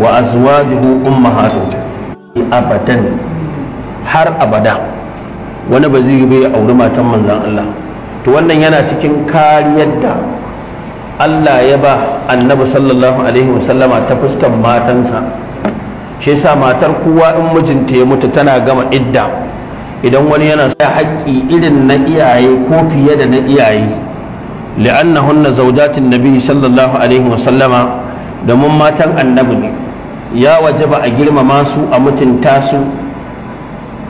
wa azwajuhu ummahatuhum abadan har abada wani ba zai bai auri matan manzon Allah to wannan yana cikin kariyar da Allah ya ba annabi sallallahu alaihi wasallama ta fuskan matansa shi yasa matar kowa in mijinta ya mutu tana gama idda idan wani yana sa haƙƙi irin na iyaye ko fiye da na iyaye li'annahunna zawjatin nabi sallallahu alaihi wa sallama domin matan annabi ne ya wajaba a girmama su a mutunta su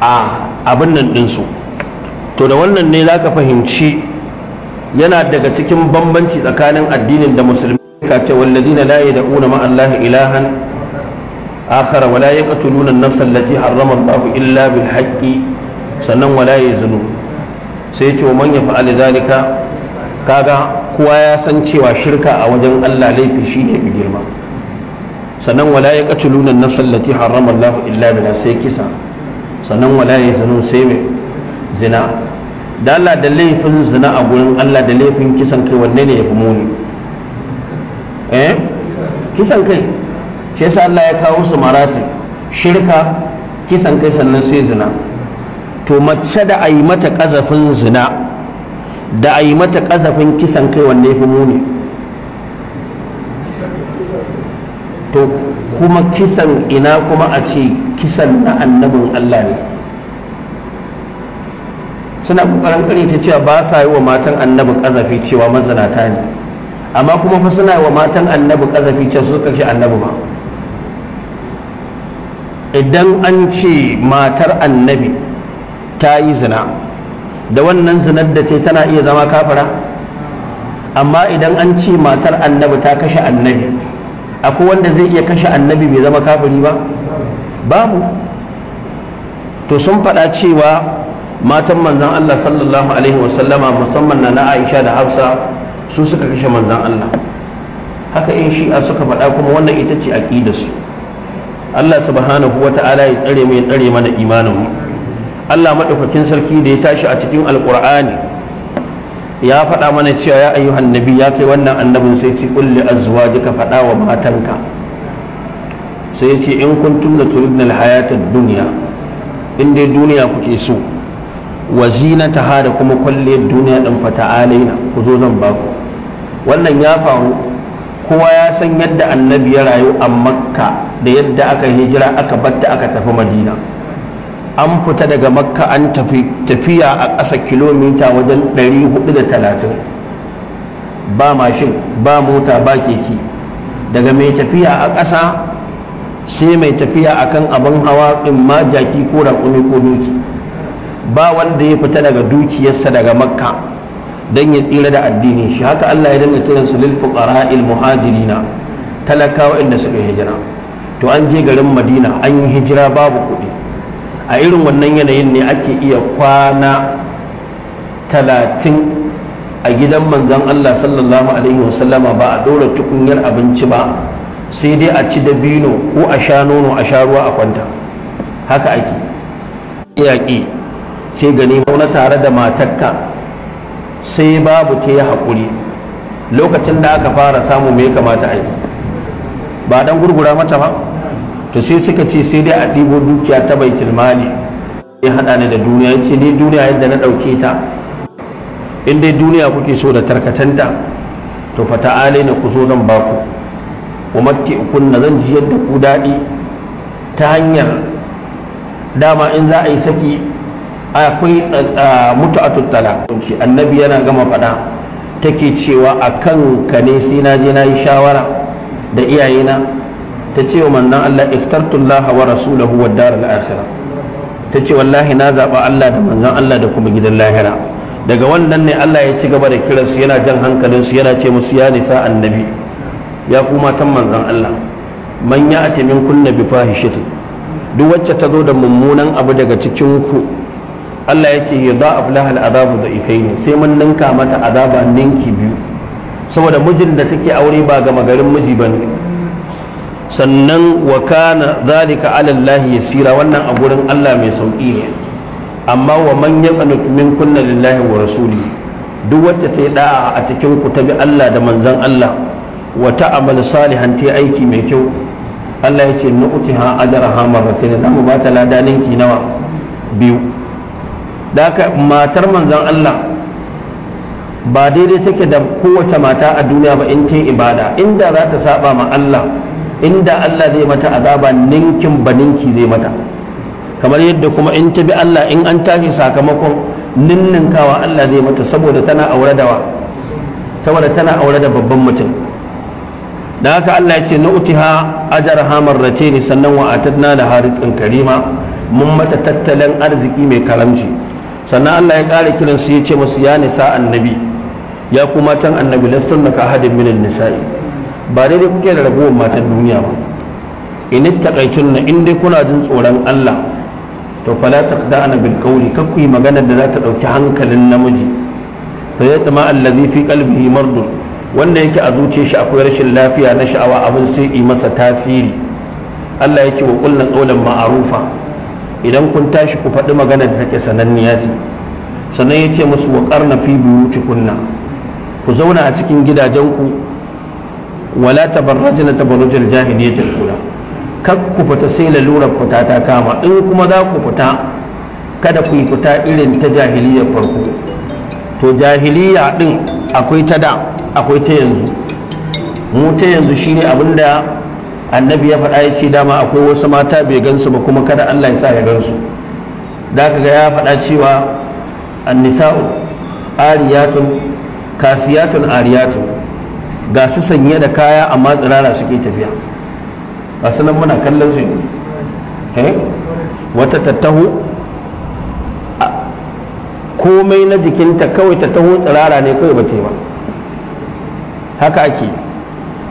a abin nan ɗinsu to da wannan ne za ka fahimci yana daga cikin bambanci tsakanin addinin da musulmi ka ce wallazina da yad'una ma'allahi ilahan akhara wa la yaqtuluna an-nafsa allati harrama illa bil haqqi sannan wala ya zunu sai ce man ya fa'ali zalika kaga kowa ya san cewa shirka a wajen Allah laifi shi ne fi girma sannan wala ya qatulu nan na lati harrama Allah illa bila sai kisa sannan wala ya zunu sai zina da Allah da laifin zina a gurin Allah da laifin kisan kai wanne ne ya fi muni eh kisan kai shi yasa Allah ya kawo su marati shirka kisan kai sannan sai zina to mace da a yi mata ƙazafin zina da a yi mata ƙazafin kisan kai wanne ya fi muni to kuma kisan ina kuma a ce kisan na annabin Allah ne suna kokarin kare ta cewa ba sa yi wa matan annabi ƙazafi cewa mazinata ne amma kuma fa suna yi wa matan annabi ƙazafi cewa su suka annabi ba idan an ce matar annabi ta yi zina da wannan zinar da ce tana iya zama kafara amma idan an ce matar annabi ta kashe annabi akwai wanda zai iya kashe annabi bai zama kafiri ba babu to sun faɗa cewa matan manzan Allah sallallahu alaihi wasallama musamman na na Aisha da Hafsa su suka kashe manzan Allah haka in shi'a suka faɗa kuma wannan ita ce aƙidarsu Allah subhanahu wa ta'ala ya tsare mu ya tsare mana imanin mu Allah madaukakin sarki da ya tashi a cikin Alƙur'ani ya faɗa mana cewa ya ayyuhan nabi ya kai wannan annabin sai ci kulli azwajika faɗa wa matanka sai ce in kuntum da turidna alhayata dunya in dai duniya kuke so wa ha da kuma kwalliyar duniya din fata'alaina ku zo zan baku wannan ya faru kowa ya san yadda annabi ya rayu a makka da yadda aka hijira aka batta aka tafi madina an fita daga makka an tafi tafiya a ƙasa kilomita wajen 430 ba mashin ba mota ba keke daga mai tafiya a ƙasa sai mai tafiya akan abin hawa in ma jaki ko raƙumi ko doki ba wanda ya fita daga dukiyarsa daga makka don ya tsira da addini shi haka Allah ya danna kiran su lil fuqara il muhajirina talakawa inda suka hijira to an je garin Madina an yi hijira babu kuɗi a irin wannan yanayin ne ake iya kwana talatin a gidan manzan Allah sallallahu alaihi wasallama ba a ɗora tukunyar abinci ba sai dai a ci dabino ko a sha nono a sha ruwa a kwanta haka ake yaƙi sai gani na tare da matakka sai babu ta yi haƙuri lokacin da aka fara samu mai kamata a yi ba don gurgura mata ba to sai suka ce sai dai a ɗibo dukiya ta baitul mali ya haɗa ni da duniya ya ni duniya yadda na ɗauke ta in dai duniya kuke so da tarkatanta to fa ta'ale na ku nan ba ku umatti kunna zan ji yadda ku daɗi ta hanyar dama in za a yi saki akwai mutu'atut a annabi yana gama faɗa take cewa a kan ka ne sai na je na yi shawara da iyayena ta ce wa manzon Allah ikhtartullah wa rasulahu wa daral akhirah ta ce wallahi na zaba Allah da manzon Allah da kuma gidan lahira daga wannan ne Allah ya ci gaba da kiransu yana jan hankalin su yana ce musu ya nisa annabi ya kuma matan manzon Allah man ya ati min kunna bi fahishatin duk wacce ta zo da mummunan abu daga cikin ku Allah ya ce yudha'af lahal adabu da ne sai mun ninka mata azaba ninki biyu saboda mijin da take aure ba ga magarin miji bane sannan wa kana zalika ala Allah yasira wannan a gurin Allah mai sauki ne amma wa man yaqnut min kunna lillahi wa rasuli duk wacce ta yi da'a a cikin ku ta bi Allah da manzon Allah wa amal salihan ta aiki mai kyau Allah yake nu'tiha ajraha marratayn da mu bata ladanin ki nawa biyu da matar manzon Allah ba daidai take da kowace mata a duniya ba in ta ibada inda za ta saba ma Allah inda Allah zai mata azaba ninkin ba ninki zai mata kamar yadda kuma in ta bi Allah in an tashi sakamakon ninninkawa Allah zai mata saboda tana aure da saboda tana aure da babban mutum da haka Allah ya ce na utiha ajar hamar race ne sannan wa atadna da haritsin karima mun mata tattalin arziki mai karamci sannan Allah ya kiran su ya ce masu ya nisa annabi ya kuma can annabi lastun ka hadin minan nisa'i ba daidai kuke da ragowar matan duniya ba in takaitun na in dai kuna jin tsoron Allah to fala taqda'na bil qawli kar ku yi magana da za ta dauki hankalin namiji fa yatma allazi fi qalbihi mardun wanda yake a zuciyar shi akwai rashin lafiya na sha'awa abin sai yi masa tasiri Allah yake wa kullun qawlan ma'rufa idan kun tashi ku faɗi magana da take sananniya ce sannan yace musu wa qarna fi buyutikunna ku zauna a cikin gidajenku wala tabarrajna tabarrujal jahiliyatul kula kar ku fita sai lalurar fita ta kama in kuma za ku fita kada ku yi fita irin ta jahiliyar farko to jahiliya din akwai ta da akwai ta yanzu mu ta yanzu shine abinda annabi ya faɗa ya ce dama akwai wasu mata bai gansu ba kuma kada Allah ya sa ya gansu da ka ga ya faɗa cewa annisa'u ariyatun kasiyatun ariyatun ga su sanye da kaya amma tsirara suke tafiya ba su nan muna kallon su eh? wata tattaho komai na jikinta kawai tattaho tsirara ne kawai ba ba haka ake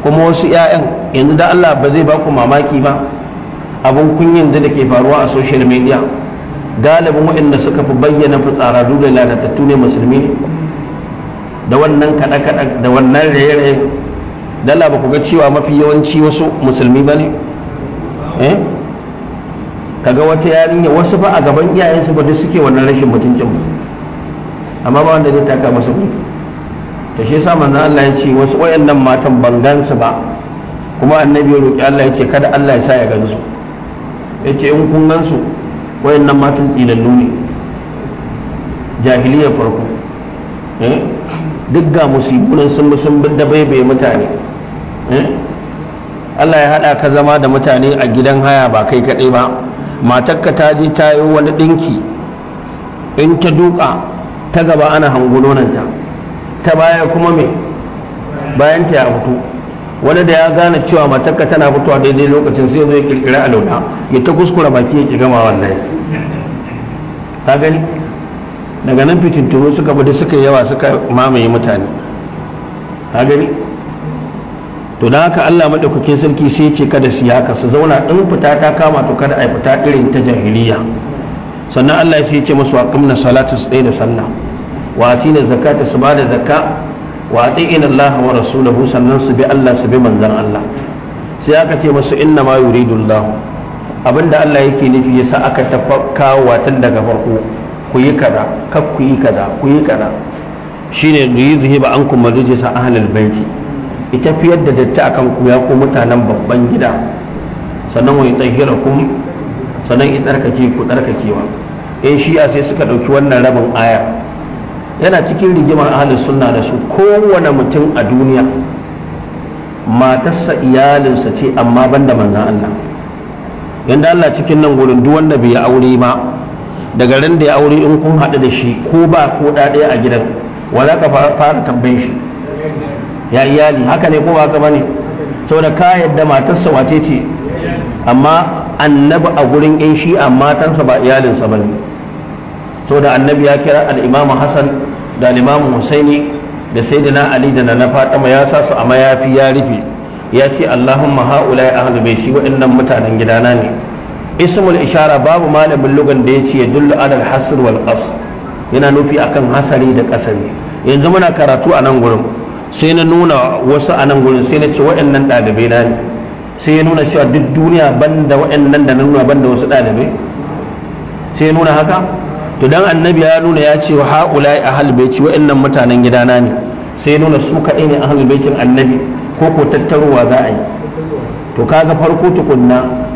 kuma wasu 'ya'yan yanzu da allah ba zai baku mamaki ba abin kunyin da ke faruwa a social media galibin waɗanda suka fi bayyana fitsararru da lalatattu ne musulmi ne da wannan kaɗa-kaɗa da wannan raye-raye dala ba ku ga cewa mafi yawanci wasu musulmi ba ne eh? kaga wata yarinya wasu ba a gaban iyayensu ba duk suke wannan rashin mutuncin amma ba wanda zai taka masa kuɗi ta shi yasa manzon Allah ya ce wasu wayannan matan ban gansu ba kuma annabi ya roki Allah ya ce kada Allah ya sa ya gansu ya ce in kun gansu wayannan matan tsilallu ne jahiliyar farko eh duk ga musibunan sun sun bin da baibaye mutane eh? Allah ya haɗa ka zama da mutane a gidan haya ba kai kaɗai ba matakka ta je ta yi wani ɗinki in ta duka ta gaba ana hangunonanta ta baya kuma me bayan ta ya fito wani da ya gane cewa matakka tana fitowa daidai lokacin sai zai kirkira a launa ya ta kuskura baki ya gama wannan ka gani daga nan fitintunu suka bude suka yawa suka mamaye mutane ha gani to da haka Allah maɗaukakin sarki sai ce kada su haka su zauna ɗan fita ta kama to kada a fita irin ta jahiliya sannan Allah sai ce musu aqimna salata su tsaye da sallah wa atina zakata su bada zakka wa atina Allah wa rasulahu sannan su bi Allah su bi manzon Allah sai aka ce musu inna ma yuridu Allah abinda Allah yake nufi yasa aka tafakkawa tun daga farko ku yi kaza kar ku yi kaza ku yi shine da yi ba an kuma rije sa ahlul baiti ita fiyar da datti akan ku ya ko mutanen babban gida sannan wani tsahira kuma sannan in tsarkake ku tsarkakewa in shi'a sai suka ɗauki wannan rabin aya yana cikin rigimar ahalin sunna da su kowane mutum a duniya matarsa iyalinsa ce amma banda manzan Allah yanda Allah cikin nan gurin duk wanda bai aure ma daga ran da ya aure in kun haɗu da shi ko ba ko ɗaya a gidan wa za ka fara tambayin shi ya iyali haka ne ko ba ka bane saboda ka yadda matarsa wace ce amma annabi a gurin yan shi'a matarsa ba iyalinsa ba ne saboda annabi ya kira al'imamu hassan da al'imamu husaini da na ali da na fatima ya sa su amma ya fi ya rufe ya ce allahumma ha'ula ya ahlu bai shi waɗannan mutanen gidana ne ismul ishara babu malamin lugan da ya ce dullu alal hasr wal qasr yana nufi akan hasari da kasari yanzu muna karatu a nan gurin sai na nuna wasu a nan gurin sai na ce waɗannan ɗalibai na ne sai ya nuna cewa duk duniya banda waɗannan da na nuna banda wasu ɗalibai sai ya nuna haka to dan annabi ya nuna ya ce wa haula ahlul baiti waɗannan mutanen gidana ne sai ya nuna su kaɗai ne ahlul baitin annabi ko ko tattaruwa za a yi to kaga farko tukunna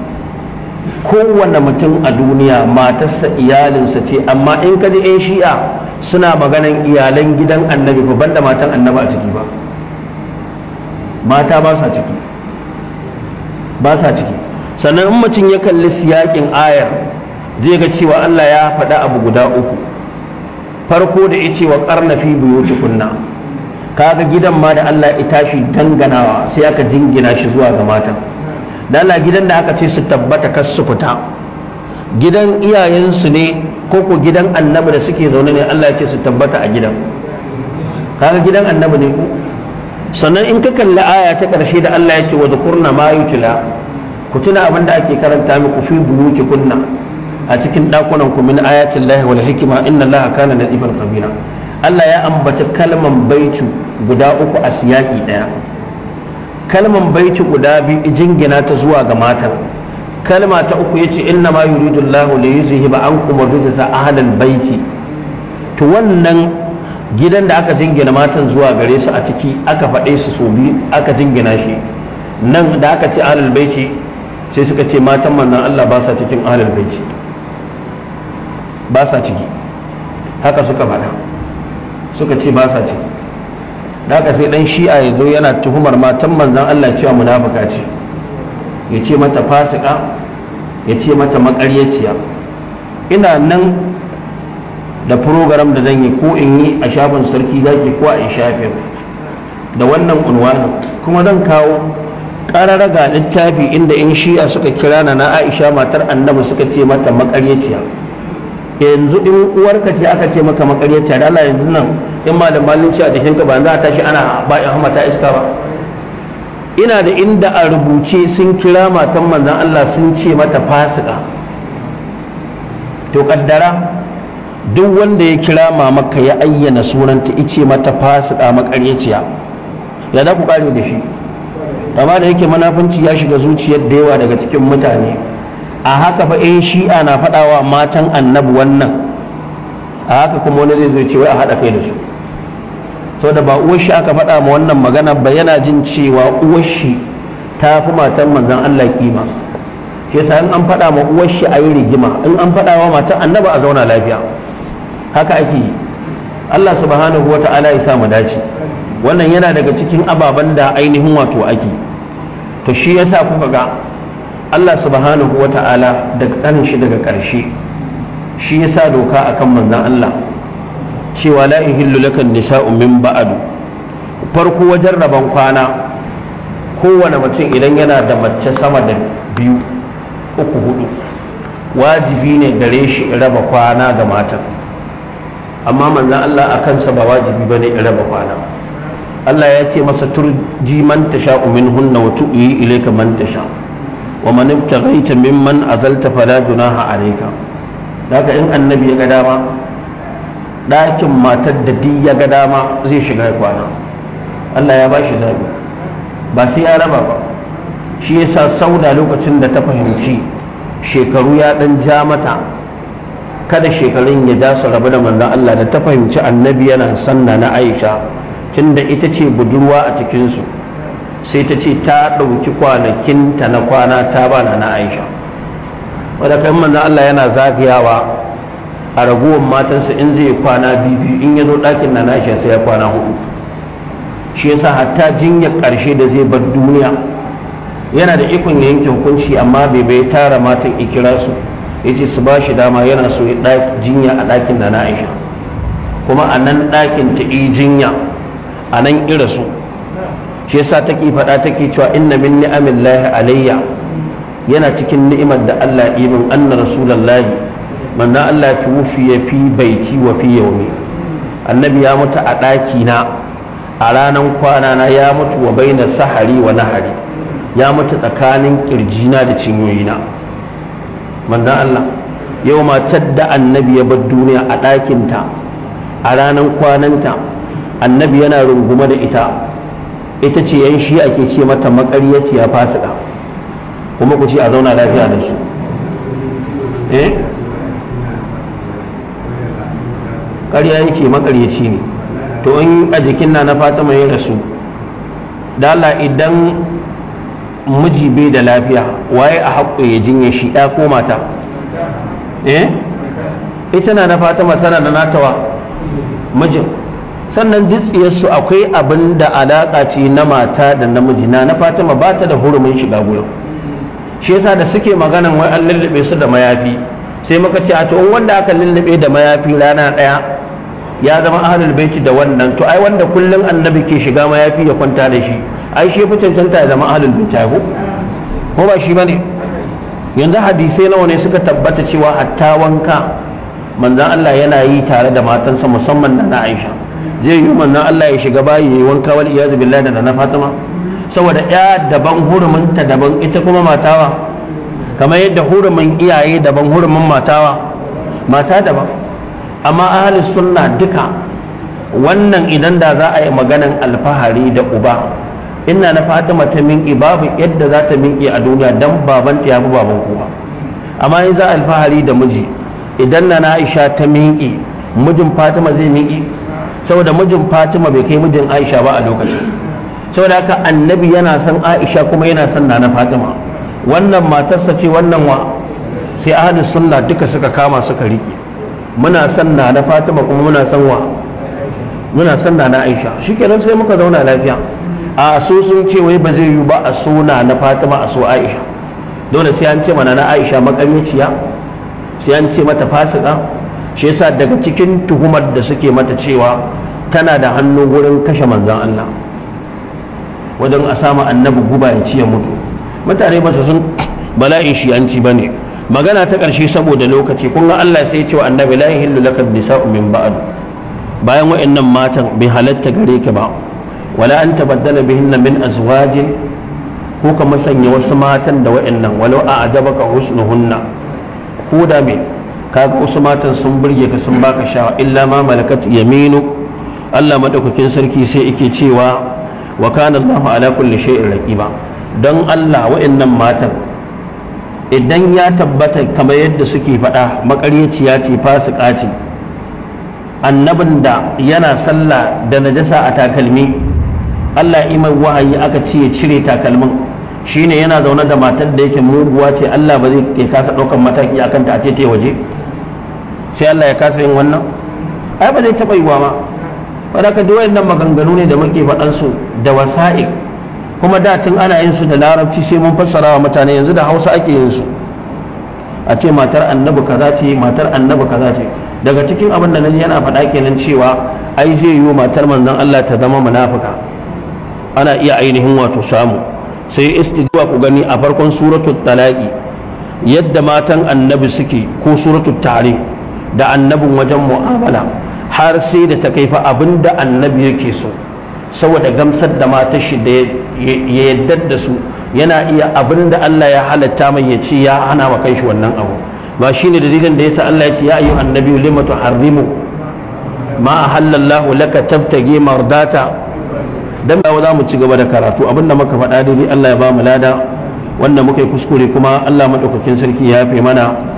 kowane mutum a duniya matarsa iyalinsa ce amma in ka ji 'yan shi'a suna maganan iyalan gidan annabi ba banda matan annabi a ciki ba mata ba sa ciki ba sa ciki sannan in mutum ya kalli siyakin ayar zai ga cewa Allah ya faɗa abu guda uku farko da ya ce wa ƙarna fi buyuti kunna kaga gidan ma da Allah ya tashi danganawa sai aka jingina shi zuwa ga matan dala gidan da aka ce su tabbata kas su fita gidan iyayensu ne ko ko gidan annabi da suke zaune ne Allah ya ce su tabbata a gidan kaga gidan annabi ne ku sannan in ka kalli aya ta karshe da Allah ya ce wa dhukurna ma yutla ku tuna abin da ake karanta muku fi kunna a cikin dakunan ku min ayatin lahi wal hikma inna allaha kana latifan khabira Allah ya ambata kalman baitu guda uku a siyaki daya kalman baiti guda biyu jingina ta zuwa ga matar kalma ta uku yace inna ma yuridu Allahu li kuma ankum rijsa ahlal baiti to wannan gidan da aka jingina matan zuwa gare su a ciki aka faɗe su so biyu aka jingina shi nan da aka ce ahlal baiti sai suka ce matan manzon Allah ba sa cikin ahlal baiti ba sa ciki haka suka faɗa suka ce ba sa ciki da aka sai dan shi'a ya zo yana tuhumar matan manzan Allah cewa munafuka ce ya ce mata fasika ya ce mata makaryaciya ina nan da program da zan yi ko in yi a shafin sarki zaki ko a shafin da wannan unwanin kuma zan kawo ƙarara ga littafi inda in shi'a suka kira na na aisha matar annabi suka ce mata makaryaciya yanzu in uwarka ce aka ce maka makaryarta da Allah yanzu nan in malam da ci a jikinka ba za a tashi ana ba in ta iska ba ina da inda a rubuce sun kira matan manzan Allah sun ce mata fasika to kaddara duk wanda ya kira mamaka ya ayyana sunanta ice mata fasika ciya? ya za ku kare da shi amma da yake manafinci ya shiga zuciyar da yawa daga cikin mutane a haka fa in eh, shi'a na faɗawa matan annabi wannan a haka kuma wani zai ce wai a haɗa kai da su da ba uwar shi aka faɗa ma wannan magana ba yana jin cewa uwar shi ta fi matan manzan Allah kima shi yasa in an faɗa ma uwar shi a yi rigima in an faɗawa matan annabi a zauna lafiya haka ake yi Allah subhanahu wa ta'ala ya sa mu dace wannan yana daga cikin ababen da ainihin wato ake to shi yasa kuka ga Allah subhanahu wa ta'ala daga ƙarin shi daga ƙarshe shi ya sa doka akan manzan Allah cewa la ihillu lakan nisa'u min ba'adu farko wajen rabon kwana kowane mutum idan yana da mace sama da biyu uku hudu wajibi ne gare shi raba kwana ga matan amma manzan Allah a kansa ba wajibi ba ne raba kwana Allah ya ce masa turji man tasha min hunna wa tu'i ilayka man tasha wa man ibtaghaita mimman azalta fala junaha alayka daga in annabi ya ga dama ɗakin matar da di ya ga dama zai shiga kwana Allah ya bashi zabi ba sai ya raba ba shi yasa sauda lokacin da ta fahimci shekaru ya dan ja mata kada shekarun ya ja su rabu da manzon Allah da ta fahimci annabi yana sanna na Aisha tunda ita ce budurwa a cikinsu su sai ta ce ta ɗauki kwanakin ta na kwana ta ba na na aisha wadda kan manzan Allah yana zagayawa a ragowar matansa in zai kwana biyu in ya zo ɗakin na na aisha sai ya kwana hudu shi yasa hatta jinya ƙarshe da zai bar duniya yana da ikon yanke hukunci amma bai ya tara matan ikira su ya ce su ba shi dama yana so ya jinya a ɗakin na na aisha kuma a nan ɗakin ta yi jinya a nan irasu shi yasa take faɗa take cewa inna min ni'amillahi alayya yana cikin ni'imar da Allah ya min anna rasulullahi manna Allah ya tuwfi ya fi baiti wa fi yawmi annabi ya mutu a ɗaki na a ranan kwana na ya mutu wa baina sahari wa nahari ya mutu tsakanin kirjina da cinyoyina manna Allah yau matar da annabi ya bar duniya a ɗakinta a ranar kwananta annabi yana rungume da ita ita ce yan shi ake ce mata makaryaciya fasida kuma ku ce a zauna lafiya da su eh ƙarya yake makaryaci ne to in a jikin na na fatima ya rasu dala idan miji bai da lafiya waye a haƙo ya jinye shi ya ko mata eh ita na na fatima tana da natawa mijin sannan su akwai abin da alaƙa ce na mata da namiji na na fatima ba ta da hurumin shiga gurin shi yasa da suke maganan wai an lullube su da mayafi sai muka ce a to wanda aka lullube da mayafi rana ɗaya ya zama ahlul bayti da wannan to ai wanda kullum annabi ke shiga mayafi ya kwanta da shi ai shi fi cancanta ya zama ahlul bayti ko ko ba shi bane yanzu hadisai nawa ne suka tabbata cewa hatta wanka manzon Allah yana yi tare da matansa musamman na Aisha zai yi manna Allah ya shiga bayi ya yi wanka wal iyazu billahi da na Fatima saboda ya daban hurumin ta daban ita kuma matawa kamar yadda hurumin iyaye daban hurumin matawa mata daban amma ahli sunna duka wannan idan da za a yi maganan alfahari da uba ina na Fatima ta minki babu yadda za ta minki a duniya dan baban ta fi baban kowa amma in za alfahari da miji idan na Aisha ta minki mijin Fatima zai minki saboda mijin fatima bai kai mijin aisha ba a lokacin saboda haka annabi yana son aisha kuma yana son nana fatima wannan matarsa ce wannan wa sai ahlus sunna duka suka kama suka riƙe muna son nana fatima kuma muna son wa muna son nana aisha shikenan sai muka zauna lafiya a so sun ce wai ba zai yi ba a so na na fatima a so aisha dole sai an ce ma na aisha makamiciya sai an ce mata fasika shi yasa daga cikin tuhumar da suke mata cewa tana da hannu wurin kashe manzan Allah wajen a samu annabi guba ya ci ya mutu mutane ba su sun bala'in shiyanci ba ne magana ta ƙarshe saboda lokaci kun ga Allah sai ya ce wa annabi la yahillu laka nisa'u min ba'd bayan wa'annan matan bai halatta gare ka ba wala an tabaddala bihinna min azwajin ko ka masanya wasu matan da wa'annan walau a ajabaka husnuhunna ko da me kaga wasu matan sun burge ka sun baka shawa illa ma malakat yaminu Allah madaukakin sarki sai yake cewa wa kana Allahu ala kulli shay'in raqiba dan Allah wa'annan matan idan ya tabbata kamar yadda suke faɗa makaryaciya ce fasika ce annabin da yana sallah da najasa a takalmi Allah iman wahayi aka ce ya cire takalmin shine yana zaune da matar da yake muguwa ce Allah ba zai kasa ɗaukan mataki akan ta a ce waje sai Allah ya kasa yin wannan ai ba zai taɓa yiwa ba. ka duk waɗannan maganganu ne da muke faɗan su da wasa'i kuma da tun ana yin su da larabci sai mun fassara wa mutane yanzu da hausa ake yin su a ce matar annabi ka za ta yi matar annabi ka ta yi. daga cikin abin da naji yana faɗa kenan cewa ai zai yiwu matar manzon Allah ta zama munafuka ana iya ainihin wato samu sai istiduwa ku gani a farkon suratul talaqi yadda matan annabi suke ko suratul tahrim da annabin wajen mu'amala har sai da ta kaifa fa abinda annabi yake so saboda gamsar da matar shi da ya yadda da su yana iya abinda Allah ya halatta mai ya ce ya hana ma shi wannan abu ba shine dalilin da ya yasa Allah ya ce ya ayyuhan annabi limatu harrimu ma ahallallahu laka tabtagi mardata dan ba za mu ci gaba da karatu abinda muka faɗa dai Allah ya ba mu lada wanda muka yi kuskure kuma Allah madaukakin sarki ya yafe mana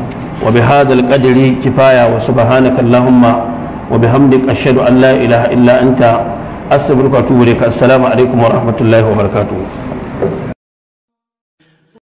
وبهذا القدر كفاية وسبحانك اللهم وبحمدك أشهد أن لا إله إلا أنت أستغفرك وأتوب إليك السلام عليكم ورحمة الله وبركاته